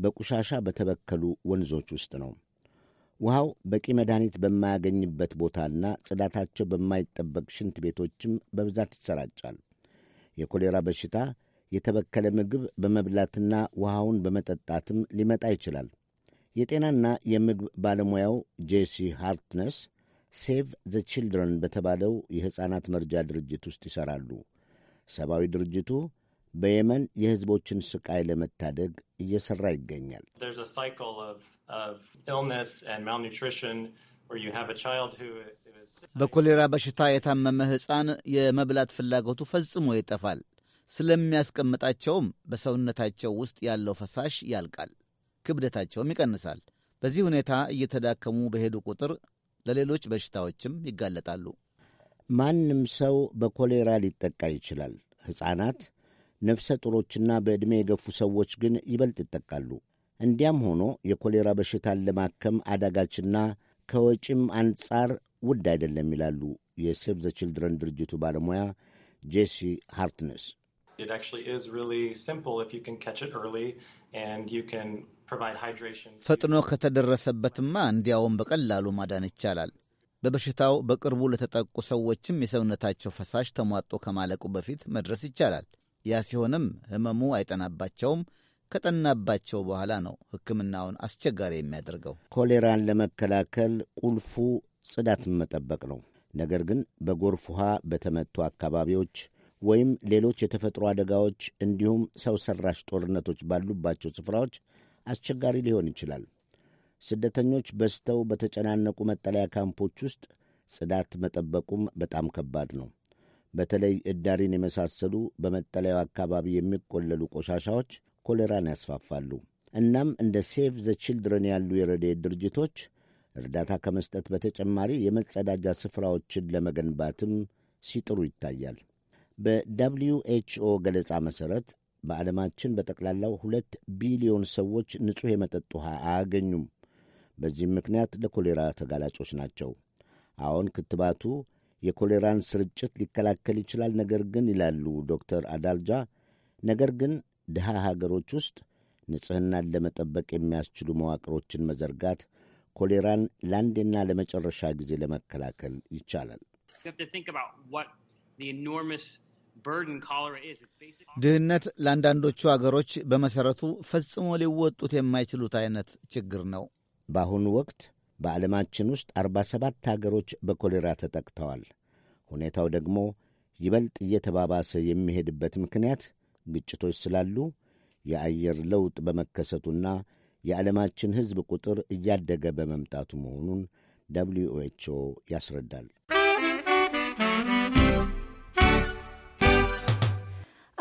በቆሻሻ በተበከሉ ወንዞች ውስጥ ነው። ውሃው በቂ መድኃኒት በማያገኝበት ቦታና ጽዳታቸው በማይጠበቅ ሽንት ቤቶችም በብዛት ይሰራጫል። የኮሌራ በሽታ የተበከለ ምግብ በመብላትና ውሃውን በመጠጣትም ሊመጣ ይችላል። የጤናና የምግብ ባለሙያው ጄሲ ሃርትነስ ሴቭ ዘ ችልድረን በተባለው የሕፃናት መርጃ ድርጅት ውስጥ ይሠራሉ። ሰብአዊ ድርጅቱ በየመን የሕዝቦችን ስቃይ ለመታደግ እየሠራ ይገኛል። በኮሌራ በሽታ የታመመ ሕፃን የመብላት ፍላጎቱ ፈጽሞ ይጠፋል። ስለሚያስቀምጣቸውም በሰውነታቸው ውስጥ ያለው ፈሳሽ ያልቃል፣ ክብደታቸውም ይቀንሳል። በዚህ ሁኔታ እየተዳከሙ በሄዱ ቁጥር ለሌሎች በሽታዎችም ይጋለጣሉ። ማንም ሰው በኮሌራ ሊጠቃ ይችላል። ሕፃናት፣ ነፍሰ ጡሮችና በዕድሜ የገፉ ሰዎች ግን ይበልጥ ይጠቃሉ። እንዲያም ሆኖ የኮሌራ በሽታን ለማከም አዳጋችና ከወጪም አንጻር ውድ አይደለም ይላሉ የሴቭ ዘ ችልድረን ድርጅቱ ባለሙያ ጄሲ ሃርትነስ። ፈጥኖ ከተደረሰበትማ እንዲያውም በቀላሉ ማዳን ይቻላል። በበሽታው በቅርቡ ለተጠቁ ሰዎችም የሰውነታቸው ፈሳሽ ተሟጦ ከማለቁ በፊት መድረስ ይቻላል። ያ ሲሆንም ህመሙ አይጠናባቸውም። ከጠናባቸው በኋላ ነው ሕክምናውን አስቸጋሪ የሚያደርገው። ኮሌራን ለመከላከል ቁልፉ ጽዳትን መጠበቅ ነው። ነገር ግን በጎርፍ ውሃ በተመቱ አካባቢዎች ወይም ሌሎች የተፈጥሮ አደጋዎች እንዲሁም ሰው ሰራሽ ጦርነቶች ባሉባቸው ስፍራዎች አስቸጋሪ ሊሆን ይችላል። ስደተኞች በዝተው በተጨናነቁ መጠለያ ካምፖች ውስጥ ጽዳት መጠበቁም በጣም ከባድ ነው። በተለይ እዳሪን የመሳሰሉ በመጠለያው አካባቢ የሚቆለሉ ቆሻሻዎች ኮሌራን ያስፋፋሉ። እናም እንደ ሴቭ ዘ ችልድረን ያሉ የረድኤት ድርጅቶች እርዳታ ከመስጠት በተጨማሪ የመጸዳጃ ስፍራዎችን ለመገንባትም ሲጥሩ ይታያል። በደብሊዩ ኤችኦ ገለጻ መሠረት በዓለማችን በጠቅላላው ሁለት ቢሊዮን ሰዎች ንጹሕ የመጠጥ ውሃ አያገኙም። በዚህም ምክንያት ለኮሌራ ተጋላጮች ናቸው። አሁን ክትባቱ የኮሌራን ስርጭት ሊከላከል ይችላል፣ ነገር ግን ይላሉ ዶክተር አዳልጃ፣ ነገር ግን ድሃ ሀገሮች ውስጥ ንጽሕናን ለመጠበቅ የሚያስችሉ መዋቅሮችን መዘርጋት ኮሌራን ለአንዴና ለመጨረሻ ጊዜ ለመከላከል ይቻላል። ድህነት ለአንዳንዶቹ አገሮች በመሠረቱ ፈጽሞ ሊወጡት የማይችሉት አይነት ችግር ነው። በአሁኑ ወቅት በዓለማችን ውስጥ 47 አገሮች በኮሌራ ተጠቅተዋል። ሁኔታው ደግሞ ይበልጥ እየተባባሰ የሚሄድበት ምክንያት ግጭቶች ስላሉ የአየር ለውጥ በመከሰቱና የዓለማችን ሕዝብ ቁጥር እያደገ በመምጣቱ መሆኑን ደብሊዩ ኤች ኦ ያስረዳል።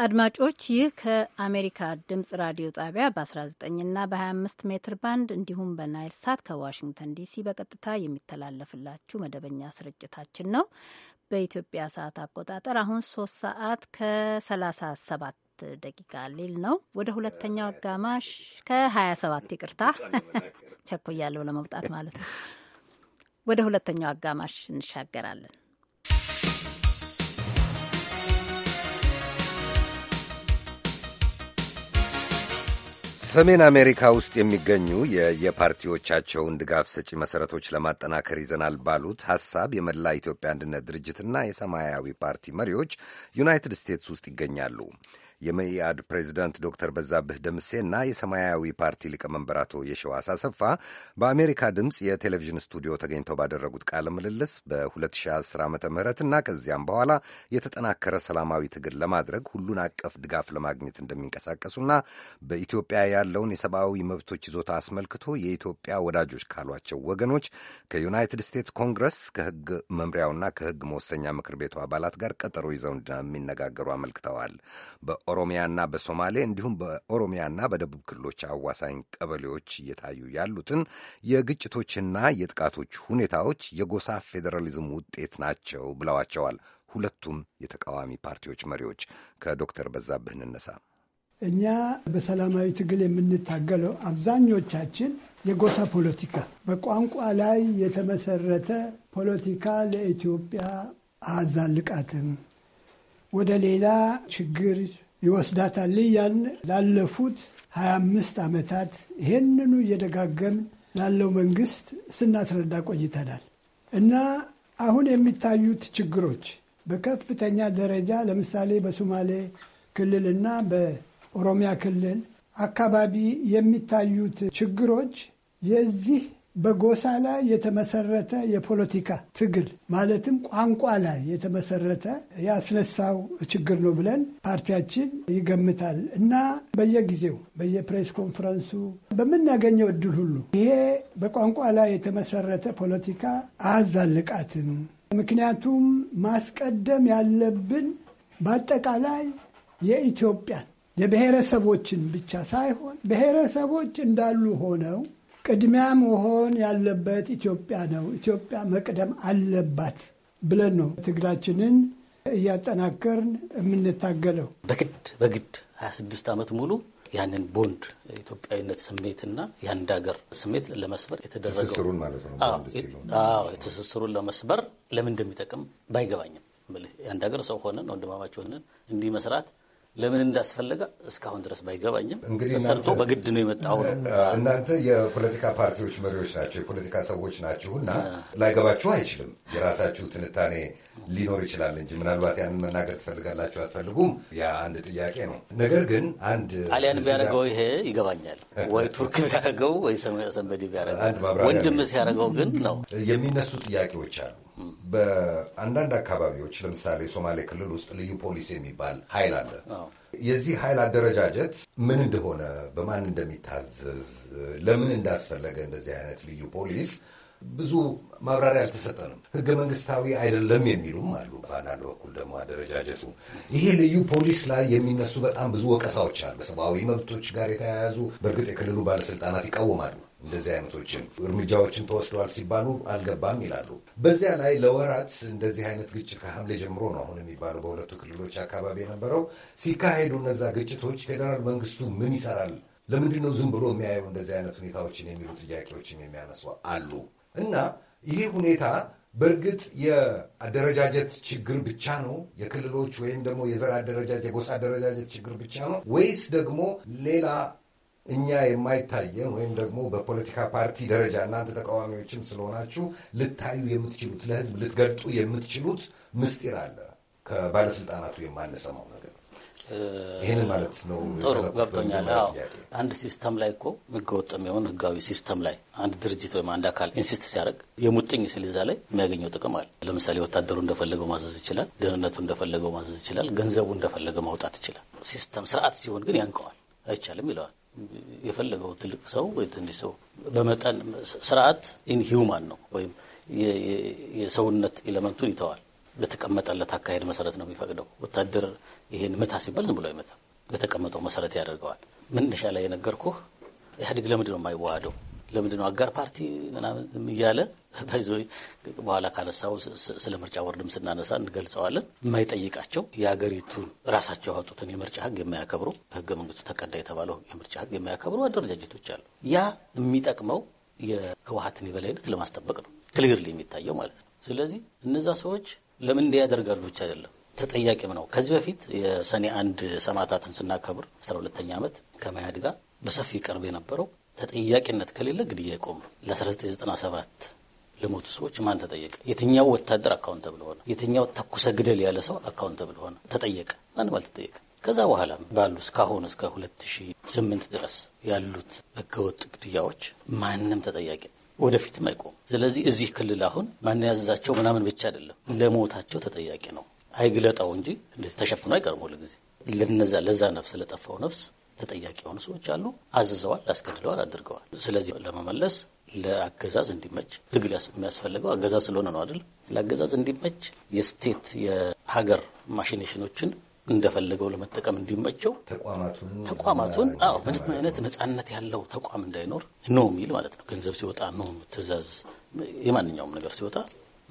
አድማጮች ይህ ከአሜሪካ ድምጽ ራዲዮ ጣቢያ በ19ና በ25 ሜትር ባንድ እንዲሁም በናይል ሳት ከዋሽንግተን ዲሲ በቀጥታ የሚተላለፍላችሁ መደበኛ ስርጭታችን ነው። በኢትዮጵያ ሰዓት አቆጣጠር አሁን 3 ሰዓት ከ37 ደቂቃ ሊል ነው። ወደ ሁለተኛው አጋማሽ ከ27 ይቅርታ [laughs] ቸኮያለሁ ለመውጣት ማለት ነው። ወደ ሁለተኛው አጋማሽ እንሻገራለን። ሰሜን አሜሪካ ውስጥ የሚገኙ የየፓርቲዎቻቸውን ድጋፍ ሰጪ መሠረቶች ለማጠናከር ይዘናል ባሉት ሐሳብ የመላ ኢትዮጵያ አንድነት ድርጅትና የሰማያዊ ፓርቲ መሪዎች ዩናይትድ ስቴትስ ውስጥ ይገኛሉ። የመኢአድ ፕሬዚዳንት ዶክተር በዛብህ ደምሴና የሰማያዊ ፓርቲ ሊቀመንበር አቶ የሸዋስ አሰፋ በአሜሪካ ድምፅ የቴሌቪዥን ስቱዲዮ ተገኝተው ባደረጉት ቃለ ምልልስ በ2010 ዓ ም እና ከዚያም በኋላ የተጠናከረ ሰላማዊ ትግል ለማድረግ ሁሉን አቀፍ ድጋፍ ለማግኘት እንደሚንቀሳቀሱና በኢትዮጵያ ያለውን የሰብአዊ መብቶች ይዞታ አስመልክቶ የኢትዮጵያ ወዳጆች ካሏቸው ወገኖች ከዩናይትድ ስቴትስ ኮንግረስ ከህግ መምሪያውና ከህግ መወሰኛ ምክር ቤቱ አባላት ጋር ቀጠሮ ይዘው እንደሚነጋገሩ አመልክተዋል። በኦሮሚያና በሶማሌ እንዲሁም በኦሮሚያና በደቡብ ክልሎች አዋሳኝ ቀበሌዎች እየታዩ ያሉትን የግጭቶችና የጥቃቶች ሁኔታዎች የጎሳ ፌዴራሊዝም ውጤት ናቸው ብለዋቸዋል። ሁለቱም የተቃዋሚ ፓርቲዎች መሪዎች ከዶክተር በዛብህ እንነሳ። እኛ በሰላማዊ ትግል የምንታገለው አብዛኞቻችን የጎሳ ፖለቲካ በቋንቋ ላይ የተመሰረተ ፖለቲካ ለኢትዮጵያ አዛልቃትም ወደ ሌላ ችግር ይወስዳታል። ያን ላለፉት 25 ዓመታት ይህንኑ እየደጋገም ላለው መንግስት ስናስረዳ ቆይተናል እና አሁን የሚታዩት ችግሮች በከፍተኛ ደረጃ ለምሳሌ በሶማሌ ክልልና በኦሮሚያ ክልል አካባቢ የሚታዩት ችግሮች የዚህ በጎሳ ላይ የተመሰረተ የፖለቲካ ትግል ማለትም ቋንቋ ላይ የተመሰረተ ያስነሳው ችግር ነው ብለን ፓርቲያችን ይገምታል እና በየጊዜው በየፕሬስ ኮንፈረንሱ በምናገኘው እድል ሁሉ ይሄ በቋንቋ ላይ የተመሰረተ ፖለቲካ አያዛልቃትም። ምክንያቱም ማስቀደም ያለብን በአጠቃላይ የኢትዮጵያን የብሔረሰቦችን ብቻ ሳይሆን ብሔረሰቦች እንዳሉ ሆነው ቅድሚያ መሆን ያለበት ኢትዮጵያ ነው፣ ኢትዮጵያ መቅደም አለባት ብለን ነው ትግላችንን እያጠናከርን የምንታገለው። በግድ በግድ 26 ዓመት ሙሉ ያንን ቦንድ ኢትዮጵያዊነት ስሜትና የአንድ ሀገር ስሜት ለመስበር የተደረገው ትስስሩን ለመስበር ለምን እንደሚጠቅም ባይገባኝም የአንድ ሀገር ሰው ሆነን ወንድማማች ሆነን እንዲህ መስራት ለምን እንዳስፈለገ እስካሁን ድረስ ባይገባኝም ተሰርቶ በግድ ነው የመጣው ነው። እናንተ የፖለቲካ ፓርቲዎች መሪዎች ናቸው፣ የፖለቲካ ሰዎች ናችሁ እና ላይገባችሁ አይችልም። የራሳችሁ ትንታኔ ሊኖር ይችላል እንጂ ምናልባት ያንን መናገር ትፈልጋላችሁ አትፈልጉም፣ ያ አንድ ጥያቄ ነው። ነገር ግን አንድ ጣሊያን ቢያደርገው ይሄ ይገባኛል፣ ወይ ቱርክ ቢያደርገው፣ ወይ ሰንበዲ ቢያደርገው፣ ወንድም ሲያደርገው ግን ነው የሚነሱ ጥያቄዎች አሉ በአንዳንድ አካባቢዎች ለምሳሌ ሶማሌ ክልል ውስጥ ልዩ ፖሊስ የሚባል ኃይል አለ። የዚህ ኃይል አደረጃጀት ምን እንደሆነ፣ በማን እንደሚታዘዝ፣ ለምን እንዳስፈለገ እንደዚህ አይነት ልዩ ፖሊስ ብዙ ማብራሪያ አልተሰጠንም። ህገ መንግስታዊ አይደለም የሚሉም አሉ። በአንዳንድ በኩል ደግሞ አደረጃጀቱ ይሄ ልዩ ፖሊስ ላይ የሚነሱ በጣም ብዙ ወቀሳዎች አሉ። ከሰብአዊ መብቶች ጋር የተያያዙ በእርግጥ የክልሉ ባለስልጣናት ይቃወማሉ። እንደዚህ አይነቶችን እርምጃዎችን ተወስደዋል ሲባሉ አልገባም ይላሉ። በዚያ ላይ ለወራት እንደዚህ አይነት ግጭት ከሐምሌ ጀምሮ ነው አሁን የሚባለው በሁለቱ ክልሎች አካባቢ የነበረው ሲካሄዱ እነዛ ግጭቶች ፌዴራል መንግስቱ ምን ይሰራል? ለምንድን ነው ዝም ብሎ የሚያየው እንደዚህ አይነት ሁኔታዎችን የሚሉ ጥያቄዎችን የሚያነሱ አሉ እና ይህ ሁኔታ በእርግጥ የአደረጃጀት ችግር ብቻ ነው የክልሎች ወይም ደግሞ የዘር አደረጃጀት የጎሳ አደረጃጀት ችግር ብቻ ነው ወይስ ደግሞ ሌላ እኛ የማይታየን ወይም ደግሞ በፖለቲካ ፓርቲ ደረጃ እናንተ ተቃዋሚዎችም ስለሆናችሁ ልታዩ የምትችሉት ለህዝብ ልትገልጡ የምትችሉት ምስጢር አለ ከባለስልጣናቱ የማንሰማው ነገር። ይህን ማለት ነው። ጥሩ ገብቶኛል። አንድ ሲስተም ላይ እኮ ህገወጥ የሚሆን ህጋዊ ሲስተም ላይ አንድ ድርጅት ወይም አንድ አካል ኢንሲስት ሲያደርግ የሙጥኝ ስልዛ ላይ የሚያገኘው ጥቅም አለ። ለምሳሌ ወታደሩ እንደፈለገው ማዘዝ ይችላል። ደህንነቱ እንደፈለገው ማዘዝ ይችላል። ገንዘቡ እንደፈለገው ማውጣት ይችላል። ሲስተም ስርዓት ሲሆን ግን ያንቀዋል፣ አይቻልም ይለዋል። የፈለገው ትልቅ ሰው ወይ ትንሽ ሰው በመጠን ስርዓት ኢንሂውማን ነው ወይም የሰውነት ኤለመንቱን ይተዋል። በተቀመጠለት አካሄድ መሰረት ነው የሚፈቅደው። ወታደር ይሄን ምታ ሲባል ዝም ብሎ አይመታም። በተቀመጠው መሰረት ያደርገዋል። መነሻ ላይ የነገርኩህ ኢህአዴግ ለምንድን ነው የማይዋሃደው? ለምንድን ነው አጋር ፓርቲ ምናምን እያለ ይዞ በኋላ ካነሳው ስለ ምርጫ ወርድም ስናነሳ እንገልጸዋለን። የማይጠይቃቸው የሀገሪቱን ራሳቸው ያወጡትን የምርጫ ህግ የማያከብሩ በሕገ መንግስቱ ተቀዳ የተባለው የምርጫ ህግ የማያከብሩ አደረጃጀቶች አሉ። ያ የሚጠቅመው የህወሀትን የበላይነት ለማስጠበቅ ነው፣ ክሊርሊ የሚታየው ማለት ነው። ስለዚህ እነዛ ሰዎች ለምን እንዲ ያደርጋሉ ብቻ አይደለም ተጠያቂም ነው። ከዚህ በፊት የሰኔ አንድ ሰማዕታትን ስናከብር አስራ ሁለተኛ ዓመት ከመያድ ጋር በሰፊ ቅርብ የነበረው ተጠያቂነት ከሌለ ግድያ ይቆም። ለ1997 ለሞቱ ሰዎች ማን ተጠየቀ? የትኛው ወታደር አካውንተብል ሆነ? የትኛው ተኩሰ ግደል ያለ ሰው አካውንተብል ሆነ? ተጠየቀ? ማንም አልተጠየቀ። ከዛ በኋላ ባሉ እስካሁን እስከ 2008 ድረስ ያሉት ህገወጥ ግድያዎች ማንም ተጠያቂ ወደፊትም አይቆም። ስለዚህ እዚህ ክልል አሁን ማን ያዘዛቸው ምናምን ብቻ አይደለም፣ ለሞታቸው ተጠያቂ ነው። አይግለጣው እንጂ እንደዚህ ተሸፍኖ አይቀርም። ሁልጊዜ ለነዛ ለዛ ነፍስ ለጠፋው ነፍስ ተጠያቂ የሆኑ ሰዎች አሉ። አዝዘዋል፣ አስገድለዋል፣ አድርገዋል። ስለዚህ ለመመለስ ለአገዛዝ እንዲመች ትግል የሚያስፈልገው አገዛዝ ስለሆነ ነው አይደል? ለአገዛዝ እንዲመች የስቴት የሀገር ማሽኔሽኖችን እንደፈለገው ለመጠቀም እንዲመቸው ተቋማቱን አዎ ምንም አይነት ነጻነት ያለው ተቋም እንዳይኖር ኖ የሚል ማለት ነው። ገንዘብ ሲወጣ ኖ ትእዛዝ፣ የማንኛውም ነገር ሲወጣ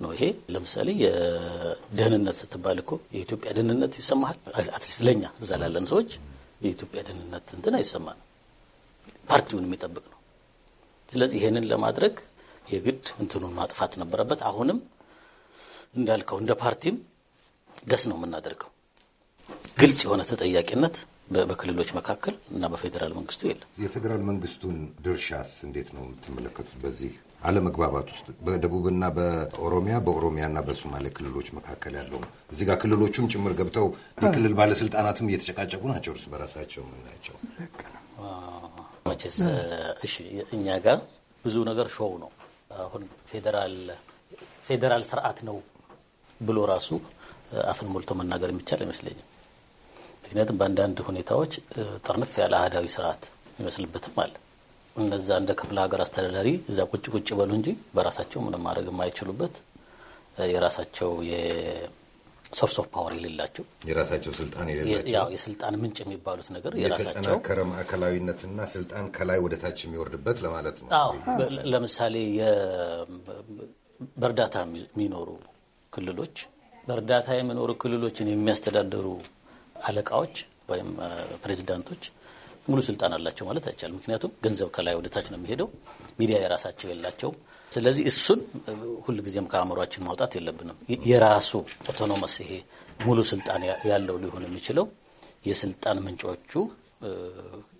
ነው። ይሄ ለምሳሌ የደህንነት ስትባል እኮ የኢትዮጵያ ደህንነት ይሰማሃል፣ አትሊስት ለኛ እዛ ላለን ሰዎች የኢትዮጵያ ደህንነት እንትን አይሰማንም። ፓርቲውን የሚጠብቅ ነው። ስለዚህ ይሄንን ለማድረግ የግድ እንትኑን ማጥፋት ነበረበት። አሁንም እንዳልከው እንደ ፓርቲም ገስ ነው የምናደርገው ግልጽ የሆነ ተጠያቂነት በክልሎች መካከል እና በፌዴራል መንግስቱ የለም። የፌዴራል መንግስቱን ድርሻስ እንዴት ነው የምትመለከቱት? በዚህ አለመግባባት ውስጥ በደቡብና በኦሮሚያ በኦሮሚያና በሶማሌ ክልሎች መካከል ያለው እዚህ ጋር ክልሎቹም ጭምር ገብተው የክልል ባለስልጣናትም እየተጨቃጨቁ ናቸው እርስ በራሳቸው ምናቸው። መቼስ እሺ፣ እኛ ጋር ብዙ ነገር ሾው ነው። አሁን ፌዴራል ስርዓት ነው ብሎ ራሱ አፍን ሞልቶ መናገር የሚቻል አይመስለኝም። ምክንያቱም በአንዳንድ ሁኔታዎች ጥርንፍ ያለ አህዳዊ ስርዓት ይመስልበትም አለ። እነዛ እንደ ክፍለ ሀገር አስተዳዳሪ እዛ ቁጭ ቁጭ በሉ እንጂ በራሳቸው ምንም ማድረግ የማይችሉበት የራሳቸው ሶርስ ኦፍ ፓወር የሌላቸው የራሳቸው ስልጣን የሌላቸው የስልጣን ምንጭ የሚባሉት ነገር የራሳቸው የተጠናከረ ማዕከላዊነትና ስልጣን ከላይ ወደታች የሚወርድበት ለማለት ነው። ለምሳሌ በእርዳታ የሚኖሩ ክልሎች በእርዳታ የሚኖሩ ክልሎችን የሚያስተዳደሩ አለቃዎች ወይም ፕሬዚዳንቶች ሙሉ ስልጣን አላቸው ማለት አይቻልም። ምክንያቱም ገንዘብ ከላይ ወደ ታች ነው የሚሄደው። ሚዲያ የራሳቸው የላቸውም። ስለዚህ እሱን ሁልጊዜም ከአእምሯችን ማውጣት የለብንም። የራሱ ኦቶኖመስ ይሄ ሙሉ ስልጣን ያለው ሊሆን የሚችለው የስልጣን ምንጮቹ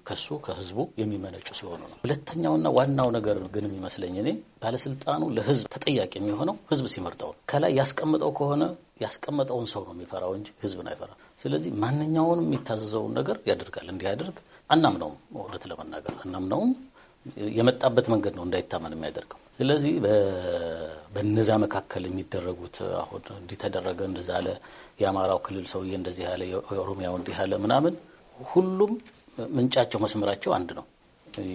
ከሱ ከህዝቡ የሚመነጩ ሲሆኑ ነው። ሁለተኛውና ዋናው ነገር ግን የሚመስለኝ እኔ ባለስልጣኑ ለህዝብ ተጠያቂ የሚሆነው ህዝብ ሲመርጠው ከላይ ያስቀምጠው ከሆነ ያስቀመጠውን ሰው ነው የሚፈራው እንጂ ህዝብን አይፈራም። ስለዚህ ማንኛውንም የሚታዘዘውን ነገር ያደርጋል። እንዲህ ያደርግ አናምነውም፣ እውነት ለመናገር አናምነውም። የመጣበት መንገድ ነው እንዳይታመን የሚያደርገው። ስለዚህ በነዛ መካከል የሚደረጉት አሁን እንዲህ ተደረገ፣ እንደዛ አለ፣ የአማራው ክልል ሰውዬ እንደዚህ ያለ፣ የኦሮሚያው እንዲህ ያለ ምናምን፣ ሁሉም ምንጫቸው መስመራቸው አንድ ነው።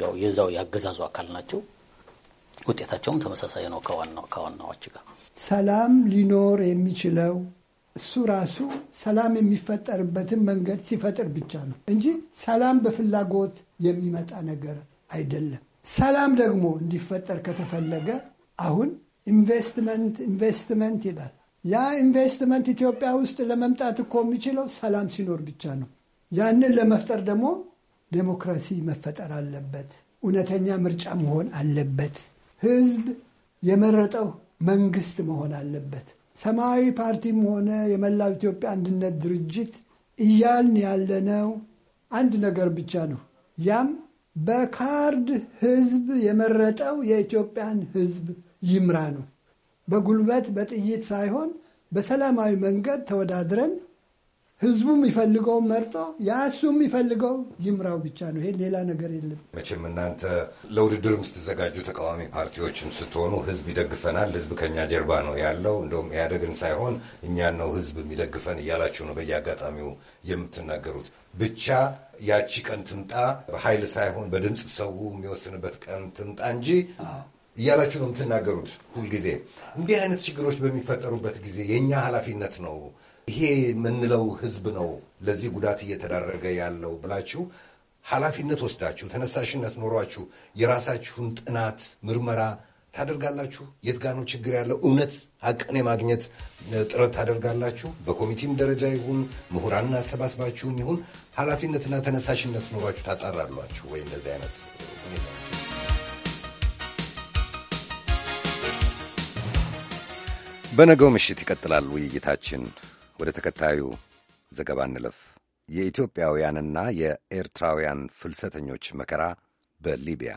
ያው የዛው ያገዛዙ አካል ናቸው። ውጤታቸውም ተመሳሳይ ነው ከዋናዎች ጋር ሰላም ሊኖር የሚችለው እሱ ራሱ ሰላም የሚፈጠርበትን መንገድ ሲፈጥር ብቻ ነው እንጂ ሰላም በፍላጎት የሚመጣ ነገር አይደለም። ሰላም ደግሞ እንዲፈጠር ከተፈለገ አሁን ኢንቨስትመንት ኢንቨስትመንት ይላል። ያ ኢንቨስትመንት ኢትዮጵያ ውስጥ ለመምጣት እኮ የሚችለው ሰላም ሲኖር ብቻ ነው። ያንን ለመፍጠር ደግሞ ዴሞክራሲ መፈጠር አለበት። እውነተኛ ምርጫ መሆን አለበት። ህዝብ የመረጠው መንግስት መሆን አለበት። ሰማያዊ ፓርቲም ሆነ የመላው ኢትዮጵያ አንድነት ድርጅት እያልን ያለነው አንድ ነገር ብቻ ነው። ያም በካርድ ህዝብ የመረጠው የኢትዮጵያን ህዝብ ይምራ ነው። በጉልበት በጥይት ሳይሆን በሰላማዊ መንገድ ተወዳድረን ህዝቡ የሚፈልገው መርጦ ያ እሱ የሚፈልገው ይምራው ብቻ ነው። ይሄ ሌላ ነገር የለም። መቼም እናንተ ለውድድርም ስትዘጋጁ ተቃዋሚ ፓርቲዎችም ስትሆኑ ህዝብ ይደግፈናል፣ ህዝብ ከኛ ጀርባ ነው ያለው፣ እንደውም ኢህአዴግን ሳይሆን እኛን ነው ህዝብ የሚደግፈን እያላችሁ ነው በየአጋጣሚው የምትናገሩት። ብቻ ያቺ ቀን ትምጣ፣ በኃይል ሳይሆን በድምፅ ሰው የሚወስንበት ቀን ትምጣ እንጂ እያላችሁ ነው የምትናገሩት ሁልጊዜ። እንዲህ አይነት ችግሮች በሚፈጠሩበት ጊዜ የእኛ ኃላፊነት ነው ይሄ የምንለው ህዝብ ነው ለዚህ ጉዳት እየተዳረገ ያለው ብላችሁ ኃላፊነት ወስዳችሁ ተነሳሽነት ኖሯችሁ የራሳችሁን ጥናት ምርመራ ታደርጋላችሁ። የት ጋ ነው ችግር ያለው እውነት ሀቅን የማግኘት ጥረት ታደርጋላችሁ። በኮሚቴም ደረጃ ይሁን ምሁራንን አሰባስባችሁም ይሁን ኃላፊነትና ተነሳሽነት ኖሯችሁ ታጣራሏችሁ ወይ? እንደዚህ አይነት በነገው ምሽት ይቀጥላል ውይይታችን። ወደ ተከታዩ ዘገባ እንለፍ። የኢትዮጵያውያንና የኤርትራውያን ፍልሰተኞች መከራ በሊቢያ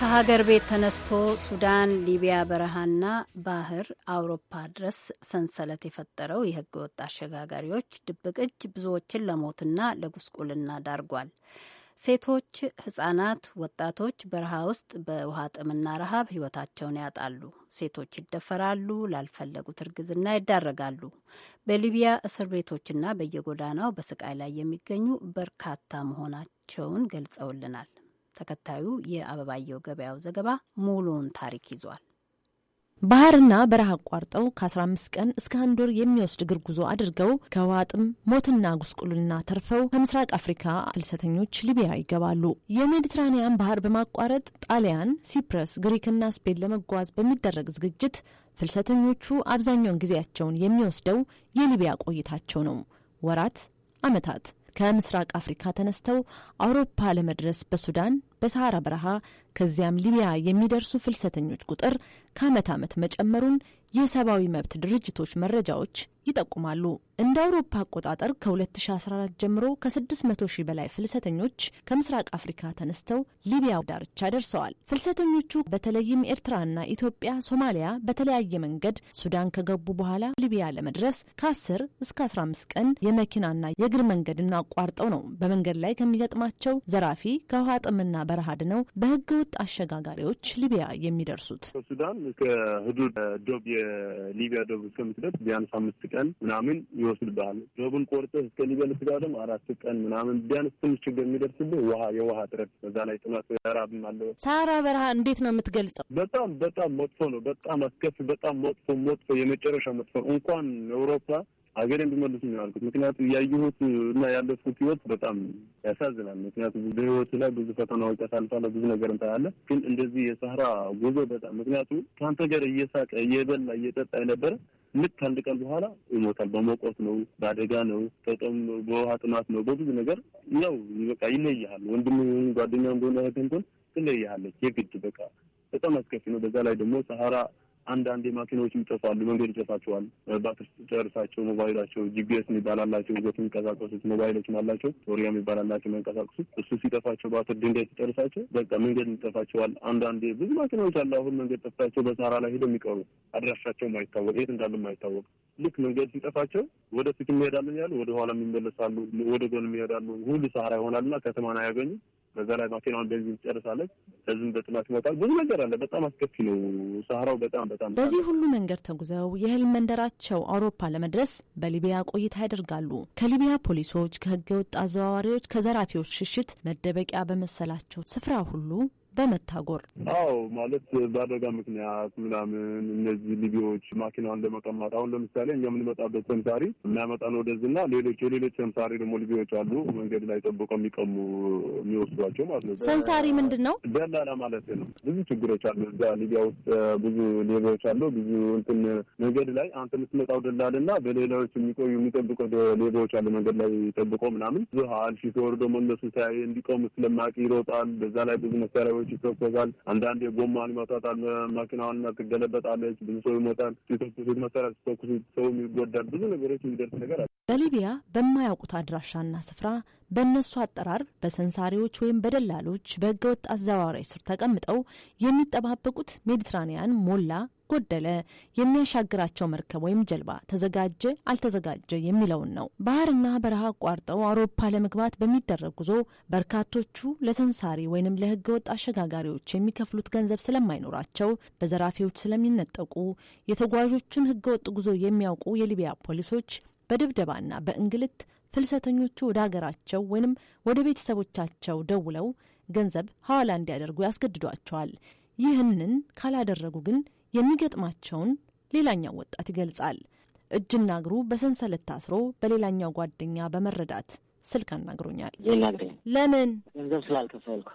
ከሀገር ቤት ተነስቶ ሱዳን፣ ሊቢያ በረሃና ባህር አውሮፓ ድረስ ሰንሰለት የፈጠረው የህገ ወጥ አሸጋጋሪዎች ድብቅ እጅ ብዙዎችን ለሞትና ለጉስቁልና ዳርጓል። ሴቶች፣ ህጻናት፣ ወጣቶች በረሃ ውስጥ በውሃ ጥምና ረሃብ ህይወታቸውን ያጣሉ። ሴቶች ይደፈራሉ፣ ላልፈለጉት እርግዝና ይዳረጋሉ። በሊቢያ እስር ቤቶችና በየጎዳናው በስቃይ ላይ የሚገኙ በርካታ መሆናቸውን ገልጸውልናል። ተከታዩ የአበባየው ገበያው ዘገባ ሙሉውን ታሪክ ይዟል። ባህርና በረሃ አቋርጠው ከ15 ቀን እስከ አንድ ወር የሚወስድ እግር ጉዞ አድርገው ከዋጥም ሞትና ጉስቁልና ተርፈው ከምስራቅ አፍሪካ ፍልሰተኞች ሊቢያ ይገባሉ። የሜዲትራኒያን ባህር በማቋረጥ ጣሊያን፣ ሲፕረስ፣ ግሪክና ስፔን ለመጓዝ በሚደረግ ዝግጅት ፍልሰተኞቹ አብዛኛውን ጊዜያቸውን የሚወስደው የሊቢያ ቆይታቸው ነው። ወራት፣ ዓመታት ከምስራቅ አፍሪካ ተነስተው አውሮፓ ለመድረስ በሱዳን በሰሐራ በረሃ ከዚያም ሊቢያ የሚደርሱ ፍልሰተኞች ቁጥር ከዓመት ዓመት መጨመሩን የሰብአዊ መብት ድርጅቶች መረጃዎች ይጠቁማሉ። እንደ አውሮፓ አቆጣጠር ከ2014 ጀምሮ ከ600 ሺህ በላይ ፍልሰተኞች ከምስራቅ አፍሪካ ተነስተው ሊቢያ ዳርቻ ደርሰዋል። ፍልሰተኞቹ በተለይም ኤርትራና ኢትዮጵያ፣ ሶማሊያ በተለያየ መንገድ ሱዳን ከገቡ በኋላ ሊቢያ ለመድረስ ከ10 እስከ 15 ቀን የመኪናና የእግር መንገድን አቋርጠው ነው። በመንገድ ላይ ከሚገጥማቸው ዘራፊ፣ ከውሃ ጥምና በረሃ ነው በህገ ወጥ አሸጋጋሪዎች ሊቢያ የሚደርሱት ሱዳን ከህዱድ ዶብ የሊቢያ ዶብ እስከምትደርስ ቢያንስ አምስት ቀን ምናምን ይወስድብሃል። ጆብን ቆርጠህ እስከ ሊበልስ ጋር ደግሞ አራት ቀን ምናምን ቢያንስ ትንሽ ችግር የሚደርስብህ ውሃ የውሃ እጥረት፣ በዛ ላይ ጥማት፣ ራብም አለ። ሳራ በረሃ እንዴት ነው የምትገልጸው? በጣም በጣም መጥፎ ነው። በጣም አስከፊ፣ በጣም መጥፎ መጥፎ፣ የመጨረሻ መጥፎ ነው። እንኳን አውሮፓ ሀገሬ ቢመልሱ ነው ያልኩት። ምክንያቱም ያየሁት እና ያለፍኩት ህይወት በጣም ያሳዝናል። ምክንያቱም በህይወት ላይ ብዙ ፈተናዎች ያሳልፋለ፣ ብዙ ነገር እንታያለ። ግን እንደዚህ የሰህራ ጉዞ በጣም ምክንያቱም ከአንተ ጋር እየሳቀ እየበላ እየጠጣ የነበረ ልክ አንድ ቀን በኋላ ይሞታል። በሞቆት ነው፣ በአደጋ ነው፣ በጦም በውሃ ጥማት ነው፣ በብዙ ነገር ያው በቃ ይለይሃል። ወንድም ጓደኛ እንደሆነ እህት እንትን ትለይሃለች የግድ በቃ በጣም አስከፊ ነው። በዛ ላይ ደግሞ ሰሐራ አንዳንዴ ማኪናዎች ይጠፋሉ፣ መንገድ ይጠፋቸዋል። ባትሪ ጨርሳቸው ሞባይላቸው ጂፒኤስ የሚባላላቸው አላቸው፣ ይዘት የሚንቀሳቀሱት ሞባይሎችም አላቸው፣ ሶሪያ የሚባላላቸው አላቸው እሱ ሲጠፋቸው ባትሪ ድንጋይ ሲጨርሳቸው በቃ መንገድ ይጠፋቸዋል። አንዳንዴ ብዙ ማኪናዎች አሉ፣ አሁን መንገድ ጠፍታቸው በሳራ ላይ ሄደው የሚቀሩ አድራሻቸው ማይታወቅ የት እንዳለ ማይታወቅ። ልክ መንገድ ሲጠፋቸው ወደፊት የሚሄዳሉ ያሉ ወደ ኋላ የሚመለሳሉ፣ ወደ ጎን የሚሄዳሉ። ሁሉ ሳራ ይሆናልና ከተማን አያገኙ በዛ ላይ ባቴናን በዚህ ጨርሳለች። በዚህም በጥናት ይመጣል። ብዙ ነገር አለ። በጣም አስከፊ ነው ሳህራው። በጣም በጣም በዚህ ሁሉ መንገድ ተጉዘው የህልም መንደራቸው አውሮፓ ለመድረስ በሊቢያ ቆይታ ያደርጋሉ። ከሊቢያ ፖሊሶች፣ ከህገ ወጥ አዘዋዋሪዎች፣ ከዘራፊዎች ሽሽት መደበቂያ በመሰላቸው ስፍራ ሁሉ በመታጎር አዎ፣ ማለት በአደጋ ምክንያት ምናምን እነዚህ ሊቢዎች ማኪናውን ለመቀማት አሁን ለምሳሌ እኛ የምንመጣበት ተምሳሪ የሚያመጣ ነው የሚያመጣን ወደዚህና ሌሎች የሌሎች ተምሳሪ ደግሞ ሊቢዎች አሉ መንገድ ላይ ጠብቀው የሚቀሙ የሚወስዷቸው ማለት ነው። ሰምሳሪ ምንድን ነው? ደላላ ማለት ነው። ብዙ ችግሮች አሉ እዛ ሊቢያ ውስጥ ብዙ ሌቦች አሉ። ብዙ እንትን መንገድ ላይ አንተ የምትመጣው ደላልና በሌላዎች የሚቆዩ የሚጠብቀው ሌቦች አሉ መንገድ ላይ ጠብቆ ምናምን ብዙ ሀል ሺ ሲወር ደግሞ እነሱ ሳይ እንዲቆሙ ስለማያውቅ ይሮጣል። በዛ ላይ ብዙ መሳሪያ ሰዎች ይተኮሳል። አንዳንዴ ጎማን ይመቷታል፣ መኪናዋን ትገለበጣለች፣ ብዙ ሰው ይሞታል። ሲተኩሱት መሰራ ሲተኩሱት ሰውም ይጎዳል። ብዙ ነገሮች የሚደርስ ነገር አለ። በሊቢያ በማያውቁት አድራሻና ስፍራ በእነሱ አጠራር በሰንሳሪዎች ወይም በደላሎች በህገወጥ አዘዋዋሪ ስር ተቀምጠው የሚጠባበቁት ሜዲትራኒያን ሞላ ጎደለ፣ የሚያሻግራቸው መርከብ ወይም ጀልባ ተዘጋጀ አልተዘጋጀ የሚለውን ነው። ባህርና በረሃ አቋርጠው አውሮፓ ለመግባት በሚደረግ ጉዞ በርካቶቹ ለሰንሳሪ ወይንም ለህገወጥ አሸጋጋሪዎች የሚከፍሉት ገንዘብ ስለማይኖራቸው በዘራፊዎች ስለሚነጠቁ የተጓዦቹን ህገወጥ ጉዞ የሚያውቁ የሊቢያ ፖሊሶች በድብደባና በእንግልት ፍልሰተኞቹ ወደ ሀገራቸው ወይንም ወደ ቤተሰቦቻቸው ደውለው ገንዘብ ሐዋላ እንዲያደርጉ ያስገድዷቸዋል። ይህንን ካላደረጉ ግን የሚገጥማቸውን ሌላኛው ወጣት ይገልጻል። እጅና እግሩ በሰንሰለት ታስሮ በሌላኛው ጓደኛ በመረዳት ስልክ አናግሮኛል። ለምን ገንዘብ ስላልከፈልኩ።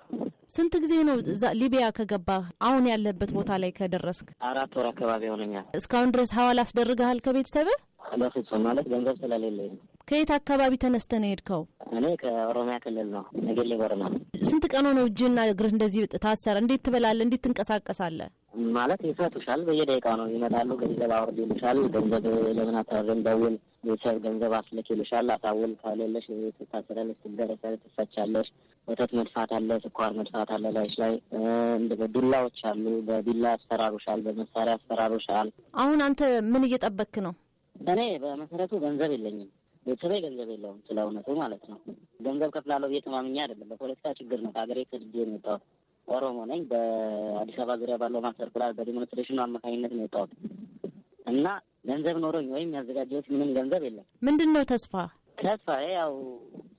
ስንት ጊዜ ነው ሊቢያ ከገባ አሁን ያለበት ቦታ ላይ ከደረስክ? አራት ወር አካባቢ ሆነኛል። እስካሁን ድረስ ሀዋላ አስደርገሃል ከቤተሰብህ? በፍጹም ማለት ገንዘብ ስለሌለ ነው። ከየት አካባቢ ተነስተ ነው ሄድከው? እኔ ከኦሮሚያ ክልል ነው፣ ነገሌ ቦረና። ስንት ቀኖ ነው እጅና እግርህ እንደዚህ ታሰረ? እንዴት ትበላለህ? እንዴት ትንቀሳቀሳለህ? ማለት ይፈቱሻል፣ በየደቂቃው ነው ይመጣሉ። ገንዘብ አውርድ ይሉሻል። ገንዘብ ለምን አታወርድም? ደውል፣ ቤተሰብ ገንዘብ አስልክ ይሉሻል። አሳውል፣ ከሌለሽ ትታሰራለሽ፣ ትደረሰለሽ፣ ትፈቻለሽ። ወተት መድፋት አለ፣ ስኳር መድፋት አለ ላይሽ ላይ። ዱላዎች አሉ፣ በቢላ አስፈራሩሻል፣ በመሳሪያ አስፈራሩሻል። አሁን አንተ ምን እየጠበክ ነው? እኔ በመሰረቱ ገንዘብ የለኝም። ቤተሰቤ ገንዘብ የለውም። ስለ እውነቱ ማለት ነው። ገንዘብ ከፍላለው ብዬ ተማምኜ አይደለም። በፖለቲካ ችግር ነው ከሀገሬ ተድጄ የመጣሁት። ኦሮሞ ነኝ። በአዲስ አበባ ዙሪያ ባለው ማስተር ፕላን በዲሞንስትሬሽኑ አማካኝነት ነው የወጣሁት እና ገንዘብ ኖሮኝ ወይም ያዘጋጀሁት ምንም ገንዘብ የለም። ምንድን ነው ተስፋ ተስፋዬ ያው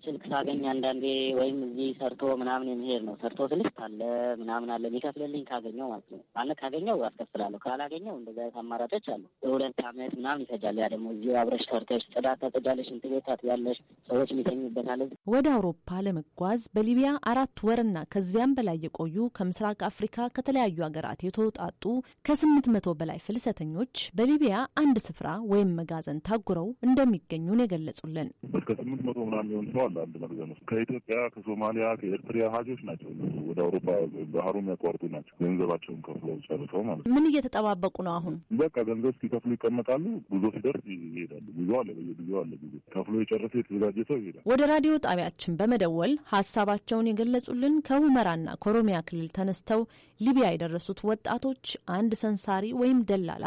ስልክ ሳገኝ አንዳንዴ ወይም እዚህ ሰርቶ ምናምን የሚሄድ ነው። ሰርቶ ስልክ አለ ምናምን አለ የሚከፍልልኝ ካገኘው ማለት ነው። አለ ካገኘው አስከፍላለሁ፣ ካላገኘው እንደዚ አይነት አማራጮች አሉ። ሁለት አመት ምናምን ይፈጃል። ያ ደግሞ እዚሁ አብረሽ ሰርተሽ ጽዳት ታጸጃለሽ፣ እንትን ቤት ታጥቢያለሽ፣ ሰዎች የሚተኙበት አለ። ወደ አውሮፓ ለመጓዝ በሊቢያ አራት ወርና ከዚያም በላይ የቆዩ ከምስራቅ አፍሪካ ከተለያዩ ሀገራት የተውጣጡ ከስምንት መቶ በላይ ፍልሰተኞች በሊቢያ አንድ ስፍራ ወይም መጋዘን ታጉረው እንደሚገኙን የገለጹልን እስከ ስምንት መቶ ምናምን የሚሆን ሰው አለ አንድ መርዘን ውስጥ ከኢትዮጵያ፣ ከሶማሊያ፣ ከኤርትሪያ ሀጆች ናቸው ወደ አውሮፓ ባህሩ የሚያቋርጡ ናቸው። ገንዘባቸውን ከፍለው ጨርሰው ማለት ነው። ምን እየተጠባበቁ ነው አሁን? በቃ ገንዘብ ሲከፍሉ ይቀመጣሉ። ጉዞ ሲደርስ ይሄዳሉ። ጉዞ አለ፣ በየጊዜው አለ ጉዞ። ከፍሎ የጨረሰ የተዘጋጀ ሰው ይሄዳል። ወደ ራዲዮ ጣቢያችን በመደወል ሀሳባቸውን የገለጹልን ከሁመራና ከኦሮሚያ ክልል ተነስተው ሊቢያ የደረሱት ወጣቶች አንድ ሰንሳሪ ወይም ደላላ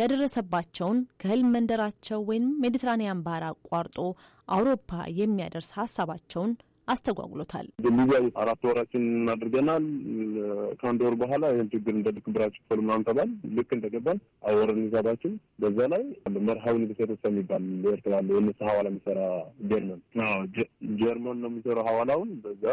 ያደረሰባቸውን ከህልም መንደራቸው ወይም ሜዲትራኒያን ባህር አቋርጦ አውሮፓ የሚያደርስ ሀሳባቸውን አስተጓጉሎታል። ሊቢያ አራት ወራችን አድርገናል። ከአንድ ወር በኋላ ይህን ችግር እንደ ልክ ብራችሁ ክፈሉ ምናምን ተባል። ልክ እንደገባን አወረን ሂሳባችን። በዛ ላይ መርሃዊ ንግሴቶች የሚባል ኤርትራ ለ የእነሱ ሀዋላ የሚሰራ ጀርመን ጀርመን ነው የሚሰራው ሀዋላውን በዛ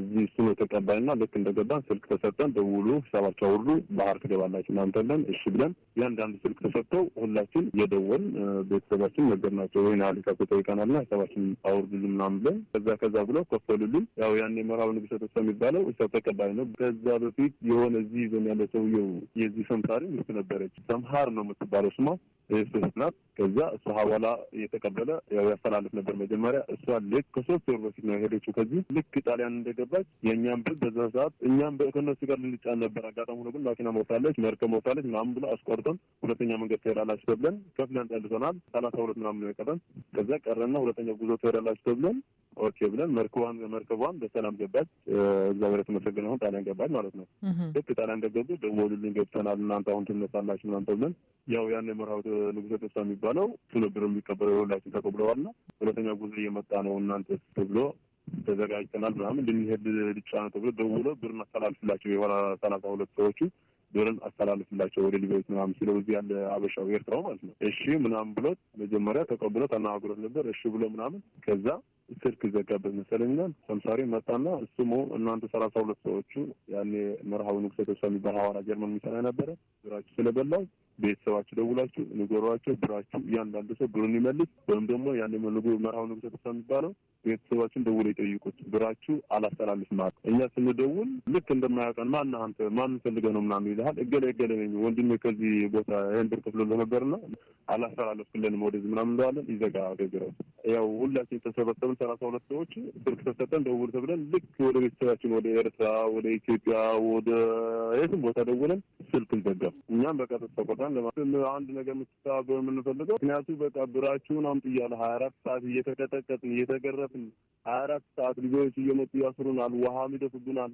እዚህ እሱ ነው ተቀባይና ልክ እንደገባን ስልክ ተሰጠን። ደውሉ ሂሳባቸው አውርዱ፣ ባህር ትገባላችሁ እናንተለን። እሺ ብለን እያንዳንዱ ስልክ ተሰጥተው ሁላችን የደወል ቤተሰባችን ነገር ናቸው ወይን ያህል ሂሳብ ተጠይቀናልና ሂሳባችን አውርዱልን ምናምን ብለን ከዛ ከዛ ብለው ከፈሉልን። ያው ያን መራዊ ንጉሰ ተስፋ የሚባለው ሂሳብ ተቀባይ ነው። ከዛ በፊት የሆነ እዚህ ይዘን ያለ ሰውየው የዚህ ሰምታሪ ምት ነበረች ሰምሀር ነው የምትባለው ስማ እህት ናት። ከዛ እሷ ሀዋላ እየተቀበለ ያው ያስተላልፍ ነበር። መጀመሪያ እሷ ልክ ከሶስት ወር በፊት ነው የሄደችው ከዚህ ልክ ጣሊያን እንደገባች የእኛም ብል በዛ ሰዓት እኛም ከእነሱ ጋር ልንጫን ነበር። አጋጣሚ ሆኖ ግን ማኪና ሞታለች፣ መርከብ ሞታለች ምናምን ብሎ አስቆርጠን ሁለተኛ መንገድ ትሄዳላችሁ ተብለን ከፍለን ጠልሰናል። ሰላሳ ሁለት ምናምን ነው የቀረን። ከዚያ ቀረና ሁለተኛ ጉዞ ትሄዳላችሁ ተብለን ኦኬ ብለን መርከቧን መርከቧን በሰላም ገባች። እግዚአብሔር የተመሰገነ ሆን ጣሊያን ገባች ማለት ነው። ልክ ጣሊያን እንደገቡ ደግሞ ልልን ገብተናል እናንተ አሁን ትነሳላችሁ ምናምን ተብለን ያው ያን የመርሃዊ ንጉሰ ተስፋ የሚባለው እሱ ነበር የሚቀበለው ሁላችን ተቀብለዋል። ሁለተኛ ጉዞ እየመጣ ነው እናንተ ተብሎ ተዘጋጅተናል ምናምን ልንሄድ ልጫ ነው ተብሎ ደውሎ ብርን አስተላልፍላቸው የሆነ ሰላሳ ሁለት ሰዎቹ ብርን አስተላልፍላቸው ወደ ሊቤት ምናምን ሲለው እዚህ ያለ አበሻው ኤርትራው ማለት ነው እሺ ምናምን ብሎት መጀመሪያ ተቀብሎ ተናግሮት ነበር እሺ ብሎ ምናምን ከዛ ስልክ ዘጋበት መሰለኛል። ሰምሳሪ መጣና እሱሙ እናንተ ሰላሳ ሁለት ሰዎቹ ያኔ መርሃዊ ንጉሰ ተስፋ የሚባል ሀዋራ ጀርመን የሚሰራ ነበረ ብራችሁ ስለበላው ቤተሰባቸው ደውላችሁ ንገሯቸው፣ ብራችሁ እያንዳንዱ ሰው ብሩን ይመልስ ወይም ደግሞ ያን መርሃው ንጉሰ ተስፋ የሚባለው ቤተሰባችን ደውሎ የጠይቁት ብራችሁ አላስተላልፍ ማለት እኛ ስንደውል ልክ እንደማያውቀን ማን አንተ ማን ፈልገ ነው ምናምን ይልሃል። እገሌ እገሌ ነኝ ወንድሜ ከዚህ ቦታ ይህን ብር ለነበር ና አላስተላለፍክልንም ወደዚህ ምናምን እንለዋለን። ይዘጋ ገግረው ያው ሁላችን ተሰበሰብን ሰላሳ ሁለት ሰዎች ስልክ ተሰጠን ደውል ተብለን ልክ ወደ ቤተሰባችን ወደ ኤርትራ፣ ወደ ኢትዮጵያ፣ ወደ የትም ቦታ ደውለን ስልክ ይዘጋ እኛም በቃ ተስተቆጣን ለማለት አንድ ነገር ምትተባበር የምንፈልገው ምክንያቱ በቃ ብራችሁን አምጥ እያለ ሀያ አራት ሰዓት እየተቀጠቀጥን እየተገረ የለበትም። ሀያ አራት ሰዓት ልጆች እየመጡ ያስሩናል፣ ውሃም ይደፉብናል።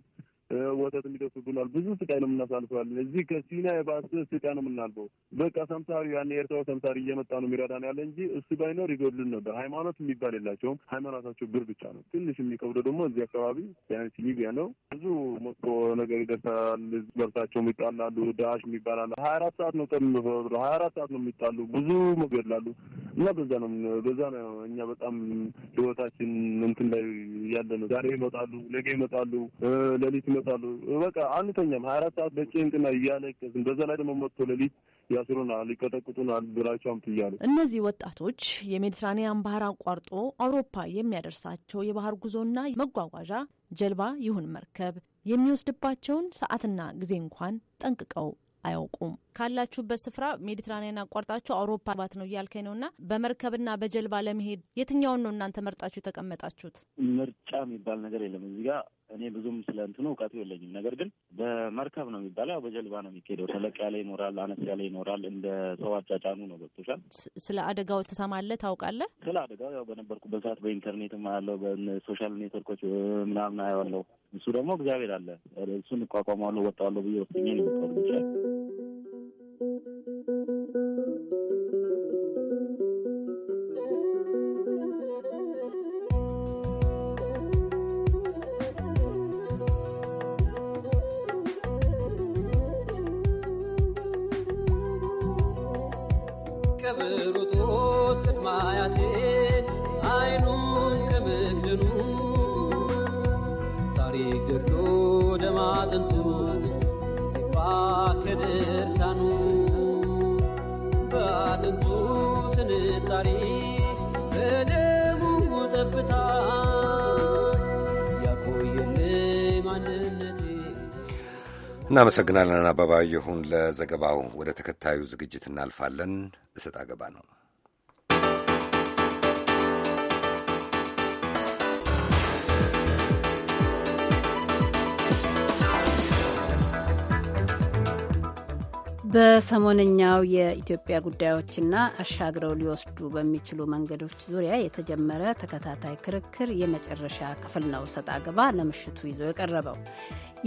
ወተት የሚደርሱብናል። ብዙ ስቃይ ነው የምናሳልፈዋል። እዚህ ከሲና የባሰ ስቃይ ነው የምናልፈው። በቃ ሰምሳሪ ያን የኤርትራው ሰምሳሪ እየመጣ ነው የሚረዳን ያለ እንጂ እሱ ባይኖር ይጎድልን ነበር። ሃይማኖት የሚባል የላቸውም። ሃይማኖታቸው ብር ብቻ ነው። ትንሽ የሚከብደው ደግሞ እዚህ አካባቢ ቢያንስ ሊቢያ ነው። ብዙ መጥፎ ነገር ይደርሳል። በርሳቸው ይጣላሉ። ዳሽ የሚባላል ሀያ አራት ሰዓት ነው ቀን ሀያ አራት ሰዓት ነው የሚጣሉ ብዙ መገድላሉ እና በዛ ነው በዛ ነው እኛ በጣም ህይወታችን እንትን ላይ ያለ ነው። ዛሬ ይመጣሉ፣ ነገ ይመጣሉ፣ ሌሊት ይመጣሉ። በቃ አንተኛም ሀያ አራት ሰዓት በጭንቅና እያለቀስን በዛ ላይ ደግሞ መጥቶ ሌሊት ያስሩናል፣ ይቀጠቅጡናል ብላቸው ትያሉ። እነዚህ ወጣቶች የሜዲትራኒያን ባህር አቋርጦ አውሮፓ የሚያደርሳቸው የባህር ጉዞና መጓጓዣ ጀልባ ይሁን መርከብ የሚወስድባቸውን ሰዓትና ጊዜ እንኳን ጠንቅቀው አያውቁም። ካላችሁበት ስፍራ ሜዲትራኒያን አቋርጣችሁ አውሮፓ ባት ነው እያልከኝ ነው እና በመርከብና በጀልባ ለመሄድ የትኛውን ነው እናንተ መርጣችሁ የተቀመጣችሁት? ምርጫ የሚባል ነገር የለም እዚህ ጋር እኔ ብዙም ስለ እንትኑ እውቀቱ የለኝም። ነገር ግን በመርከብ ነው የሚባለው፣ በጀልባ ነው የሚካሄደው። ተለቅ ያለ ይኖራል፣ አነስ ያለ ይኖራል። እንደ ሰው አጫጫኑ ነው። ገብቶሻል። ስለ አደጋው ትሰማለህ፣ ታውቃለህ? ስለ አደጋው ያው በነበርኩበት ሰዓት በኢንተርኔት አያለው፣ በሶሻል ኔትወርኮች ምናምን አየዋለሁ። እሱ ደግሞ እግዚአብሔር አለ፣ እሱን እቋቋማለሁ፣ ወጣዋለሁ ብዬ ወስኜ ነው ከብሩ ጡት ቅድማያቴ አይኑን ከምግድኑ ታሪክ ገድሎ ደማጥንቱ ሲባ ከድርሳኑ በአጥንቱ ስንጣሪ በደሙ ጠብታ እናመሰግናለን የሁን ለዘገባው። ወደ ተከታዩ ዝግጅት እናልፋለን። እሰጥ አገባ ነው። በሰሞነኛው የኢትዮጵያ ጉዳዮችና አሻግረው ሊወስዱ በሚችሉ መንገዶች ዙሪያ የተጀመረ ተከታታይ ክርክር የመጨረሻ ክፍል ነው። ሰጣ ገባ ለምሽቱ ይዞ የቀረበው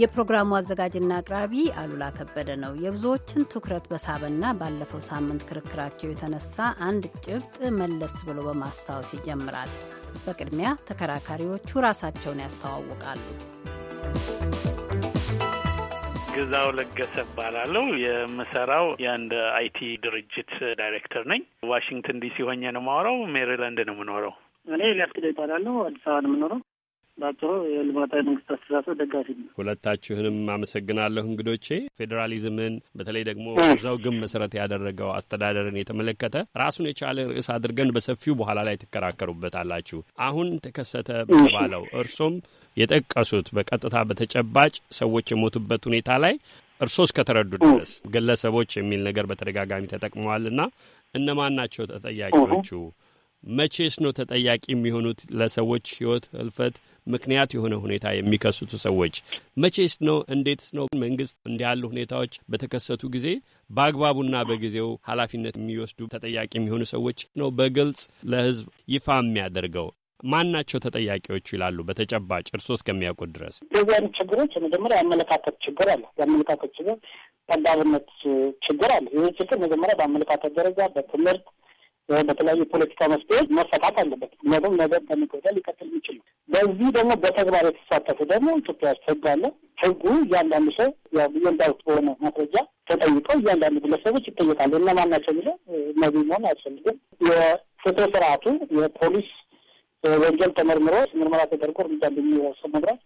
የፕሮግራሙ አዘጋጅና አቅራቢ አሉላ ከበደ ነው። የብዙዎችን ትኩረት በሳበና ባለፈው ሳምንት ክርክራቸው የተነሳ አንድ ጭብጥ መለስ ብሎ በማስታወስ ይጀምራል። በቅድሚያ ተከራካሪዎቹ ራሳቸውን ያስተዋውቃሉ። ግዛው ለገሰ እባላለሁ። የምሰራው የአንድ አይቲ ድርጅት ዳይሬክተር ነኝ። ዋሽንግተን ዲሲ ሆኜ ነው የማወራው። ሜሪላንድ ነው የምኖረው። እኔ ሊያስክደ ይባላለሁ። አዲስ አበባ ነው የምኖረው። በአጭሩ የልማታዊ መንግስት አስተሳሰብ ደጋፊ ነው። ሁለታችሁንም አመሰግናለሁ እንግዶቼ። ፌዴራሊዝምን በተለይ ደግሞ ዘውግን መሰረት ያደረገው አስተዳደርን የተመለከተ ራሱን የቻለ ርዕስ አድርገን በሰፊው በኋላ ላይ ትከራከሩበታላችሁ። አሁን ተከሰተ በተባለው እርሶም የጠቀሱት በቀጥታ በተጨባጭ ሰዎች የሞቱበት ሁኔታ ላይ እርሶ እስከተረዱ ድረስ ግለሰቦች የሚል ነገር በተደጋጋሚ ተጠቅመዋልና እነማን ናቸው ተጠያቂዎቹ? መቼስ ነው ተጠያቂ የሚሆኑት? ለሰዎች ህይወት ህልፈት ምክንያት የሆነ ሁኔታ የሚከስቱ ሰዎች መቼስ ነው? እንዴትስ ነው መንግስት እንዲህ ያሉ ሁኔታዎች በተከሰቱ ጊዜ በአግባቡና በጊዜው ኃላፊነት የሚወስዱ ተጠያቂ የሚሆኑ ሰዎች ነው በግልጽ ለህዝብ ይፋ የሚያደርገው? ማን ናቸው ተጠያቂዎቹ? ይላሉ በተጨባጭ እርስዎ እስከሚያውቁት ድረስ። እንደዚህ ችግሮች መጀመሪያ የአመለካከት ችግር አለ። የአመለካከት ችግር ቀዳብነት ችግር አለ። ይህ ችግር መጀመሪያ በአመለካከት ደረጃ በትምህርት በተለያዩ ፖለቲካ መፍትሄ መፈታት አለበት። ምክንያቱም ነገር ከሚጎዳ ሊቀጥል የሚችል ነው። በዚህ ደግሞ በተግባር የተሳተፉ ደግሞ ኢትዮጵያ ውስጥ ህግ አለ። ህጉ እያንዳንዱ ሰው ያው እንዳውት በሆነ ማስረጃ ተጠይቀው እያንዳንዱ ግለሰቦች ይጠየቃሉ። እነማን ናቸው የሚለው እነዚህ መሆን አያስፈልግም። የፍትህ ስርዓቱ የፖሊስ ወንጀል ተመርምሮ ምርመራ ተደርጎ እርምጃ እንደሚወሰድ መግራት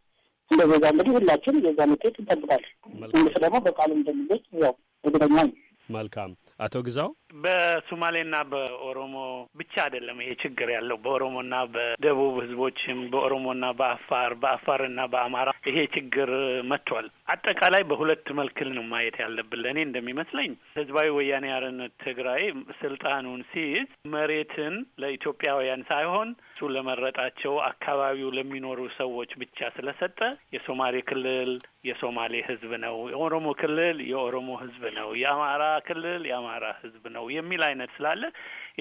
እንደ ዜጋ እንግዲህ ሁላችን የዛ ውጤት ይጠብቃል። እንግዲህ ደግሞ በቃሉ እንደሚገኝ ያው እርግጠኛ ነው። መልካም አቶ ግዛው በሶማሌና በኦሮሞ ብቻ አይደለም ይሄ ችግር ያለው በኦሮሞና በደቡብ ህዝቦችም በኦሮሞና በአፋር በአፋርና በአማራ ይሄ ችግር መጥቷል። አጠቃላይ በሁለት መልክ ነው ማየት ያለብን። ለእኔ እንደሚመስለኝ ህዝባዊ ወያኔ ሓርነት ትግራይ ስልጣኑን ሲይዝ መሬትን ለኢትዮጵያውያን ሳይሆን እሱ ለመረጣቸው አካባቢው ለሚኖሩ ሰዎች ብቻ ስለሰጠ የሶማሌ ክልል የሶማሌ ህዝብ ነው፣ የኦሮሞ ክልል የኦሮሞ ህዝብ ነው፣ የአማራ ክልል የአማራ ህዝብ ነው የሚል አይነት ስላለ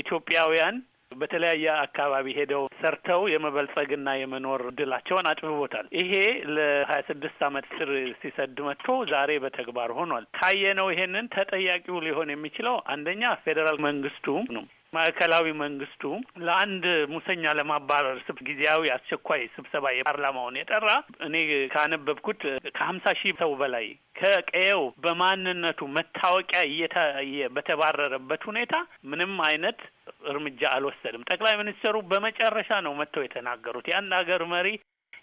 ኢትዮጵያውያን በተለያየ አካባቢ ሄደው ሰርተው የመበልጸግና የመኖር እድላቸውን አጭብቦታል። ይሄ ለሀያ ስድስት አመት ስር ሲሰድ መጥቶ ዛሬ በተግባር ሆኗል። ካየነው ይሄንን ተጠያቂው ሊሆን የሚችለው አንደኛ ፌዴራል መንግስቱ ነው። ማዕከላዊ መንግስቱ ለአንድ ሙሰኛ ለማባረር ስብ ጊዜያዊ አስቸኳይ ስብሰባ የፓርላማውን የጠራ እኔ ካነበብኩት ከሀምሳ ሺህ ሰው በላይ ከቀየው በማንነቱ መታወቂያ እየታየ በተባረረበት ሁኔታ ምንም አይነት እርምጃ አልወሰድም። ጠቅላይ ሚኒስትሩ በመጨረሻ ነው መጥተው የተናገሩት። ያን ሀገር መሪ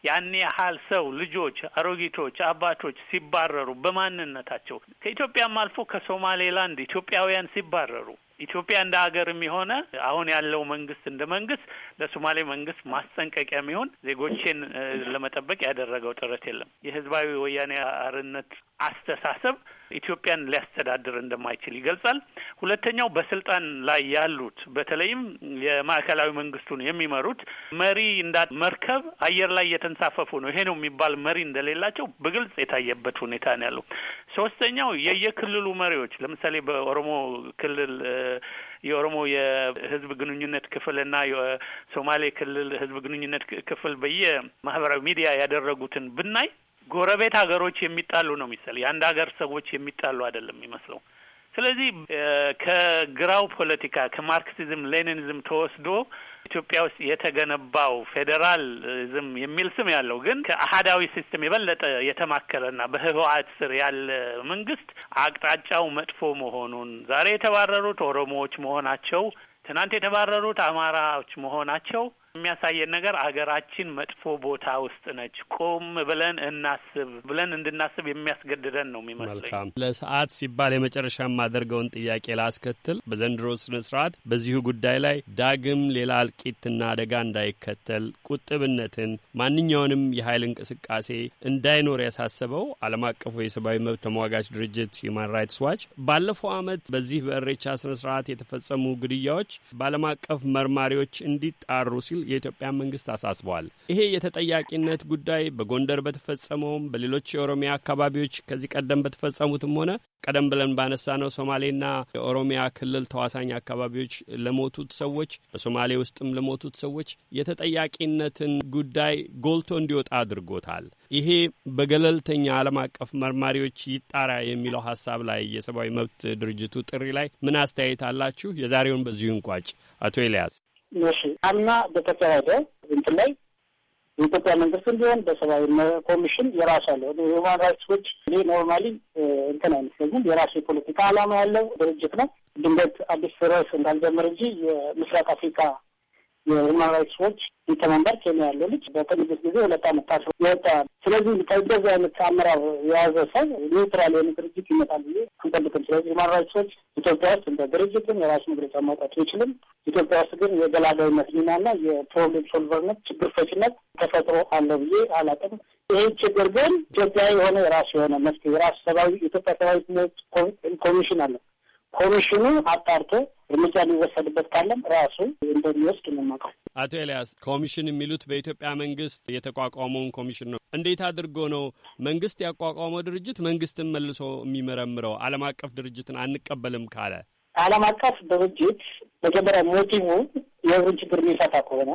ያን ያህል ሰው ልጆች፣ አሮጊቶች፣ አባቶች ሲባረሩ በማንነታቸው ከኢትዮጵያም አልፎ ከሶማሌላንድ ኢትዮጵያውያን ሲባረሩ ኢትዮጵያ እንደ ሀገርም የሆነ አሁን ያለው መንግስት እንደ መንግስት ለሶማሌ መንግስት ማስጠንቀቂያ የሚሆን ዜጎቼን ለመጠበቅ ያደረገው ጥረት የለም። የህዝባዊ ወያኔ አርነት አስተሳሰብ ኢትዮጵያን ሊያስተዳድር እንደማይችል ይገልጻል። ሁለተኛው በስልጣን ላይ ያሉት በተለይም የማዕከላዊ መንግስቱን የሚመሩት መሪ እንዳ መርከብ አየር ላይ እየተንሳፈፉ ነው። ይሄ ነው የሚባል መሪ እንደሌላቸው በግልጽ የታየበት ሁኔታ ነው ያለው። ሶስተኛው የየክልሉ መሪዎች ለምሳሌ በኦሮሞ ክልል የኦሮሞ የህዝብ ግንኙነት ክፍል ና የሶማሌ ክልል ህዝብ ግንኙነት ክፍል በየ ማህበራዊ ሚዲያ ያደረጉትን ብናይ ጎረቤት ሀገሮች የሚጣሉ ነው የሚሰል የአንድ ሀገር ሰዎች የሚጣሉ አይደለም የሚመስለው ስለዚህ ከግራው ፖለቲካ ከማርክሲዝም ሌኒኒዝም ተወስዶ ኢትዮጵያ ውስጥ የተገነባው ፌዴራልዝም የሚል ስም ያለው ግን ከአህዳዊ ሲስተም የበለጠ የተማከለና በህወሓት ስር ያለ መንግስት አቅጣጫው መጥፎ መሆኑን ዛሬ የተባረሩት ኦሮሞዎች መሆናቸው፣ ትናንት የተባረሩት አማራዎች መሆናቸው የሚያሳየን ነገር አገራችን መጥፎ ቦታ ውስጥ ነች። ቆም ብለን እናስብ ብለን እንድናስብ የሚያስገድደን ነው የሚመስለኝ። መልካም ለሰዓት ሲባል የመጨረሻ የማደርገውን ጥያቄ ላስከትል። በዘንድሮ ስነ ስርዓት በዚሁ ጉዳይ ላይ ዳግም ሌላ እልቂትና አደጋ እንዳይከተል ቁጥብነትን፣ ማንኛውንም የኃይል እንቅስቃሴ እንዳይኖር ያሳሰበው ዓለም አቀፉ የሰብአዊ መብት ተሟጋች ድርጅት ሂዩማን ራይትስ ዋች ባለፈው ዓመት በዚህ በእሬቻ ስነ ስርዓት የተፈጸሙ ግድያዎች በዓለም አቀፍ መርማሪዎች እንዲጣሩ ሲል የኢትዮጵያ መንግስት አሳስበዋል። ይሄ የተጠያቂነት ጉዳይ በጎንደር በተፈጸመውም በሌሎች የኦሮሚያ አካባቢዎች ከዚህ ቀደም በተፈጸሙትም ሆነ ቀደም ብለን ባነሳ ነው ሶማሌና የኦሮሚያ ክልል ተዋሳኝ አካባቢዎች ለሞቱት ሰዎች በሶማሌ ውስጥም ለሞቱት ሰዎች የተጠያቂነትን ጉዳይ ጎልቶ እንዲወጣ አድርጎታል። ይሄ በገለልተኛ ዓለም አቀፍ መርማሪዎች ይጣራ የሚለው ሀሳብ ላይ የሰብአዊ መብት ድርጅቱ ጥሪ ላይ ምን አስተያየት አላችሁ? የዛሬውን በዚሁ እንቋጭ። አቶ ኤልያስ ነሺ አምና በተካሄደ እንትን ላይ የኢትዮጵያ መንግስት እንዲሆን በሰብአዊ ኮሚሽን የራሱ አለው ሁማን ራይትስ ዎች እኔ ኖርማሊ እንትን አይመስለኝም። የራሱ የፖለቲካ አላማ ያለው ድርጅት ነው። ድንገት አዲስ ርዕስ እንዳልጀምር እንጂ የምስራቅ አፍሪካ የሁማን ራይትስ ዎች ሊቀመንበር ኬንያ ያለው ልጅ በቅንጅት ጊዜ ሁለት ዓመት ታስ ይወጣል። ስለዚህ ከእንደዚህ አይነት አመራር የያዘ ሰው ኒውትራል የሆነ ድርጅት ይመጣል ብዬ አንፈልግም። ስለዚህ ሁማን ራይትስ ዎች ኢትዮጵያ ውስጥ እንደ ድርጅትም የራሱ መግለጫ ማውጣት አይችልም። ኢትዮጵያ ውስጥ ግን የገላጋይነት ሚናና የፕሮብሌም ሶልቨርነት ችግር ፈችነት ተፈጥሮ አለ ብዬ አላቅም። ይህ ችግር ግን ኢትዮጵያ የሆነ የራሱ የሆነ መፍትሄ የራሱ ሰብአዊ ኢትዮጵያ ሰብአዊ ኮሚሽን አለ። ኮሚሽኑ አጣርቶ እርምጃ ሊወሰድበት ካለም ራሱ እንደሚወስድ እንማቃል። አቶ ኤልያስ ኮሚሽን የሚሉት በኢትዮጵያ መንግስት የተቋቋመውን ኮሚሽን ነው። እንዴት አድርጎ ነው መንግስት ያቋቋመው ድርጅት መንግስትን መልሶ የሚመረምረው? ዓለም አቀፍ ድርጅትን አንቀበልም ካለ ዓለም አቀፍ ድርጅት መጀመሪያ ሞቲቩ የህብሩን ችግር የሚፈታ ከሆነ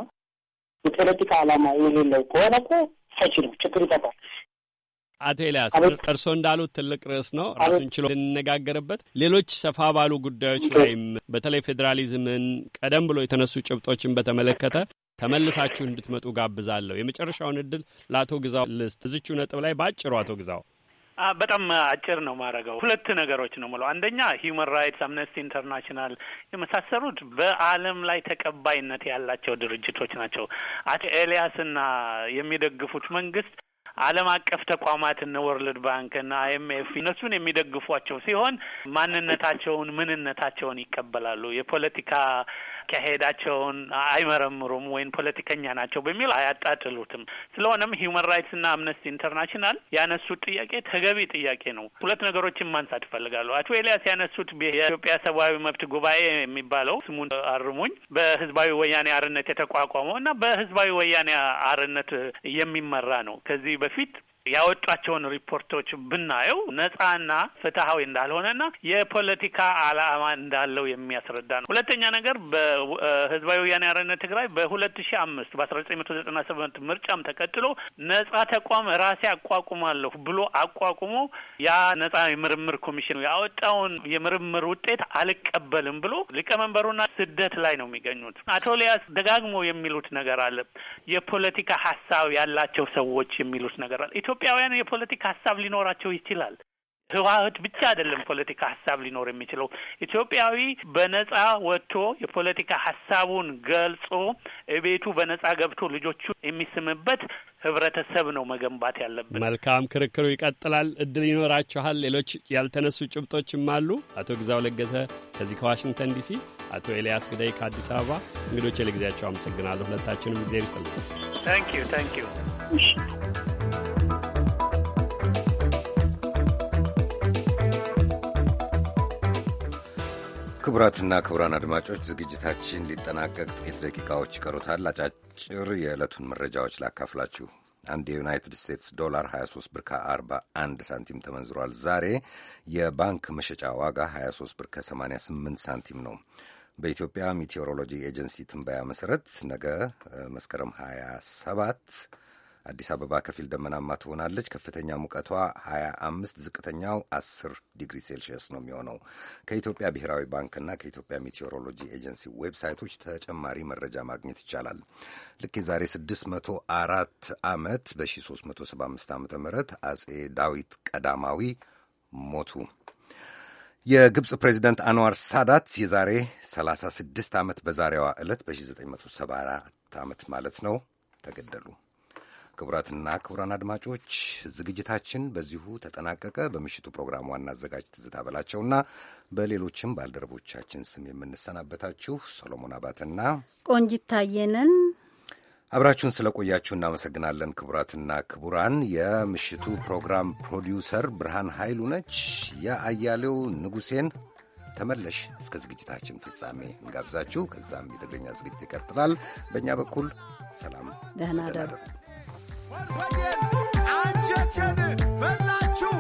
የፖለቲካ ዓላማ የሌለው ከሆነ እኮ ፈቺ ነው፣ ችግር ይፈታል። አቶ ኤልያስ እርስዎ እንዳሉት ትልቅ ርዕስ ነው፣ ራሱን ችሎ ልንነጋገርበት። ሌሎች ሰፋ ባሉ ጉዳዮች ላይም በተለይ ፌዴራሊዝምን ቀደም ብሎ የተነሱ ጭብጦችን በተመለከተ ተመልሳችሁ እንድትመጡ ጋብዛለሁ። የመጨረሻውን እድል ለአቶ ግዛው ልስጥ። እዚቹ ነጥብ ላይ በአጭሩ አቶ ግዛው። በጣም አጭር ነው ማድረገው። ሁለት ነገሮች ነው የምለው። አንደኛ ሂውማን ራይትስ፣ አምነስቲ ኢንተርናሽናል የመሳሰሉት በዓለም ላይ ተቀባይነት ያላቸው ድርጅቶች ናቸው። አቶ ኤልያስና የሚደግፉት መንግስት ዓለም አቀፍ ተቋማት እነ ወርልድ ባንክ እና አይኤምኤፍ እነሱን የሚደግፏቸው ሲሆን ማንነታቸውን ምንነታቸውን ይቀበላሉ። የፖለቲካ አካሄዳቸውን አይመረምሩም ወይም ፖለቲከኛ ናቸው በሚል አያጣጥሉትም። ስለሆነም ሂውማን ራይትስ እና አምነስቲ ኢንተርናሽናል ያነሱት ጥያቄ ተገቢ ጥያቄ ነው። ሁለት ነገሮችን ማንሳት ይፈልጋሉ። አቶ ኤልያስ ያነሱት የኢትዮጵያ ሰብአዊ መብት ጉባኤ የሚባለው ስሙን አርሙኝ በህዝባዊ ወያኔ አርነት የተቋቋመው እና በህዝባዊ ወያኔ አርነት የሚመራ ነው። ከዚህ በፊት ያወጧቸውን ሪፖርቶች ብናየው ነጻና ፍትሀዊ እንዳልሆነና የፖለቲካ አላማ እንዳለው የሚያስረዳ ነው። ሁለተኛ ነገር በህዝባዊ ወያኔ ሓርነት ትግራይ በሁለት ሺ አምስት በአስራ ዘጠኝ መቶ ዘጠና ሰባት ምርጫም ተቀጥሎ ነጻ ተቋም ራሴ አቋቁማለሁ ብሎ አቋቁሞ ያ ነጻ የምርምር ኮሚሽን ያወጣውን የምርምር ውጤት አልቀበልም ብሎ ሊቀመንበሩና ስደት ላይ ነው የሚገኙት። አቶ ሊያስ ደጋግሞ የሚሉት ነገር አለ። የፖለቲካ ሀሳብ ያላቸው ሰዎች የሚሉት ነገር አለ። ኢትዮጵያውያን የፖለቲካ ሀሳብ ሊኖራቸው ይችላል። ህወሀት ብቻ አይደለም ፖለቲካ ሀሳብ ሊኖር የሚችለው። ኢትዮጵያዊ በነጻ ወጥቶ የፖለቲካ ሀሳቡን ገልጾ ቤቱ በነጻ ገብቶ ልጆቹ የሚስምበት ህብረተሰብ ነው መገንባት ያለብን። መልካም ክርክሩ ይቀጥላል። እድል ይኖራችኋል። ሌሎች ያልተነሱ ጭብጦችም አሉ። አቶ ግዛው ለገሰ ከዚህ ከዋሽንግተን ዲሲ፣ አቶ ኤልያስ ግዳይ ከአዲስ አበባ እንግዶች ለጊዜያቸው አመሰግናለሁ። ሁለታችንም ጊዜ ርስ ክቡራትና ክቡራን አድማጮች ዝግጅታችን ሊጠናቀቅ ጥቂት ደቂቃዎች ይቀሩታል። አጫጭር የዕለቱን መረጃዎች ላካፍላችሁ። አንድ የዩናይትድ ስቴትስ ዶላር 23 ብር ከ41 ሳንቲም ተመንዝሯል። ዛሬ የባንክ መሸጫ ዋጋ 23 ብር ከ88 ሳንቲም ነው። በኢትዮጵያ ሜቴዎሮሎጂ ኤጀንሲ ትንበያ መሠረት ነገ መስከረም 27 አዲስ አበባ ከፊል ደመናማ ትሆናለች። ከፍተኛ ሙቀቷ 25፣ ዝቅተኛው 10 ዲግሪ ሴልሽስ ነው የሚሆነው። ከኢትዮጵያ ብሔራዊ ባንክና ከኢትዮጵያ ሜቴዎሮሎጂ ኤጀንሲ ዌብሳይቶች ተጨማሪ መረጃ ማግኘት ይቻላል። ልክ የዛሬ 604 ዓመት በ1375 ዓ ም አጼ ዳዊት ቀዳማዊ ሞቱ። የግብፅ ፕሬዚደንት አንዋር ሳዳት የዛሬ 36 ዓመት በዛሬዋ ዕለት በ1974 ዓመት ማለት ነው ተገደሉ። ክቡራትና ክቡራን አድማጮች ዝግጅታችን በዚሁ ተጠናቀቀ። በምሽቱ ፕሮግራም ዋና አዘጋጅ ትዝታ በላቸውና በሌሎችም ባልደረቦቻችን ስም የምንሰናበታችሁ ሶሎሞን አባትና ቆንጂት ታየንን አብራችሁን ስለቆያችሁ እናመሰግናለን። ክቡራትና ክቡራን የምሽቱ ፕሮግራም ፕሮዲውሰር ብርሃን ኃይሉ ነች። የአያሌው ንጉሴን ተመለሽ እስከ ዝግጅታችን ፍጻሜ እንጋብዛችሁ። ከዛም የትግርኛ ዝግጅት ይቀጥላል። በእኛ በኩል ሰላም፣ ደህና ደሩ። አንጀቴን በላችሁ።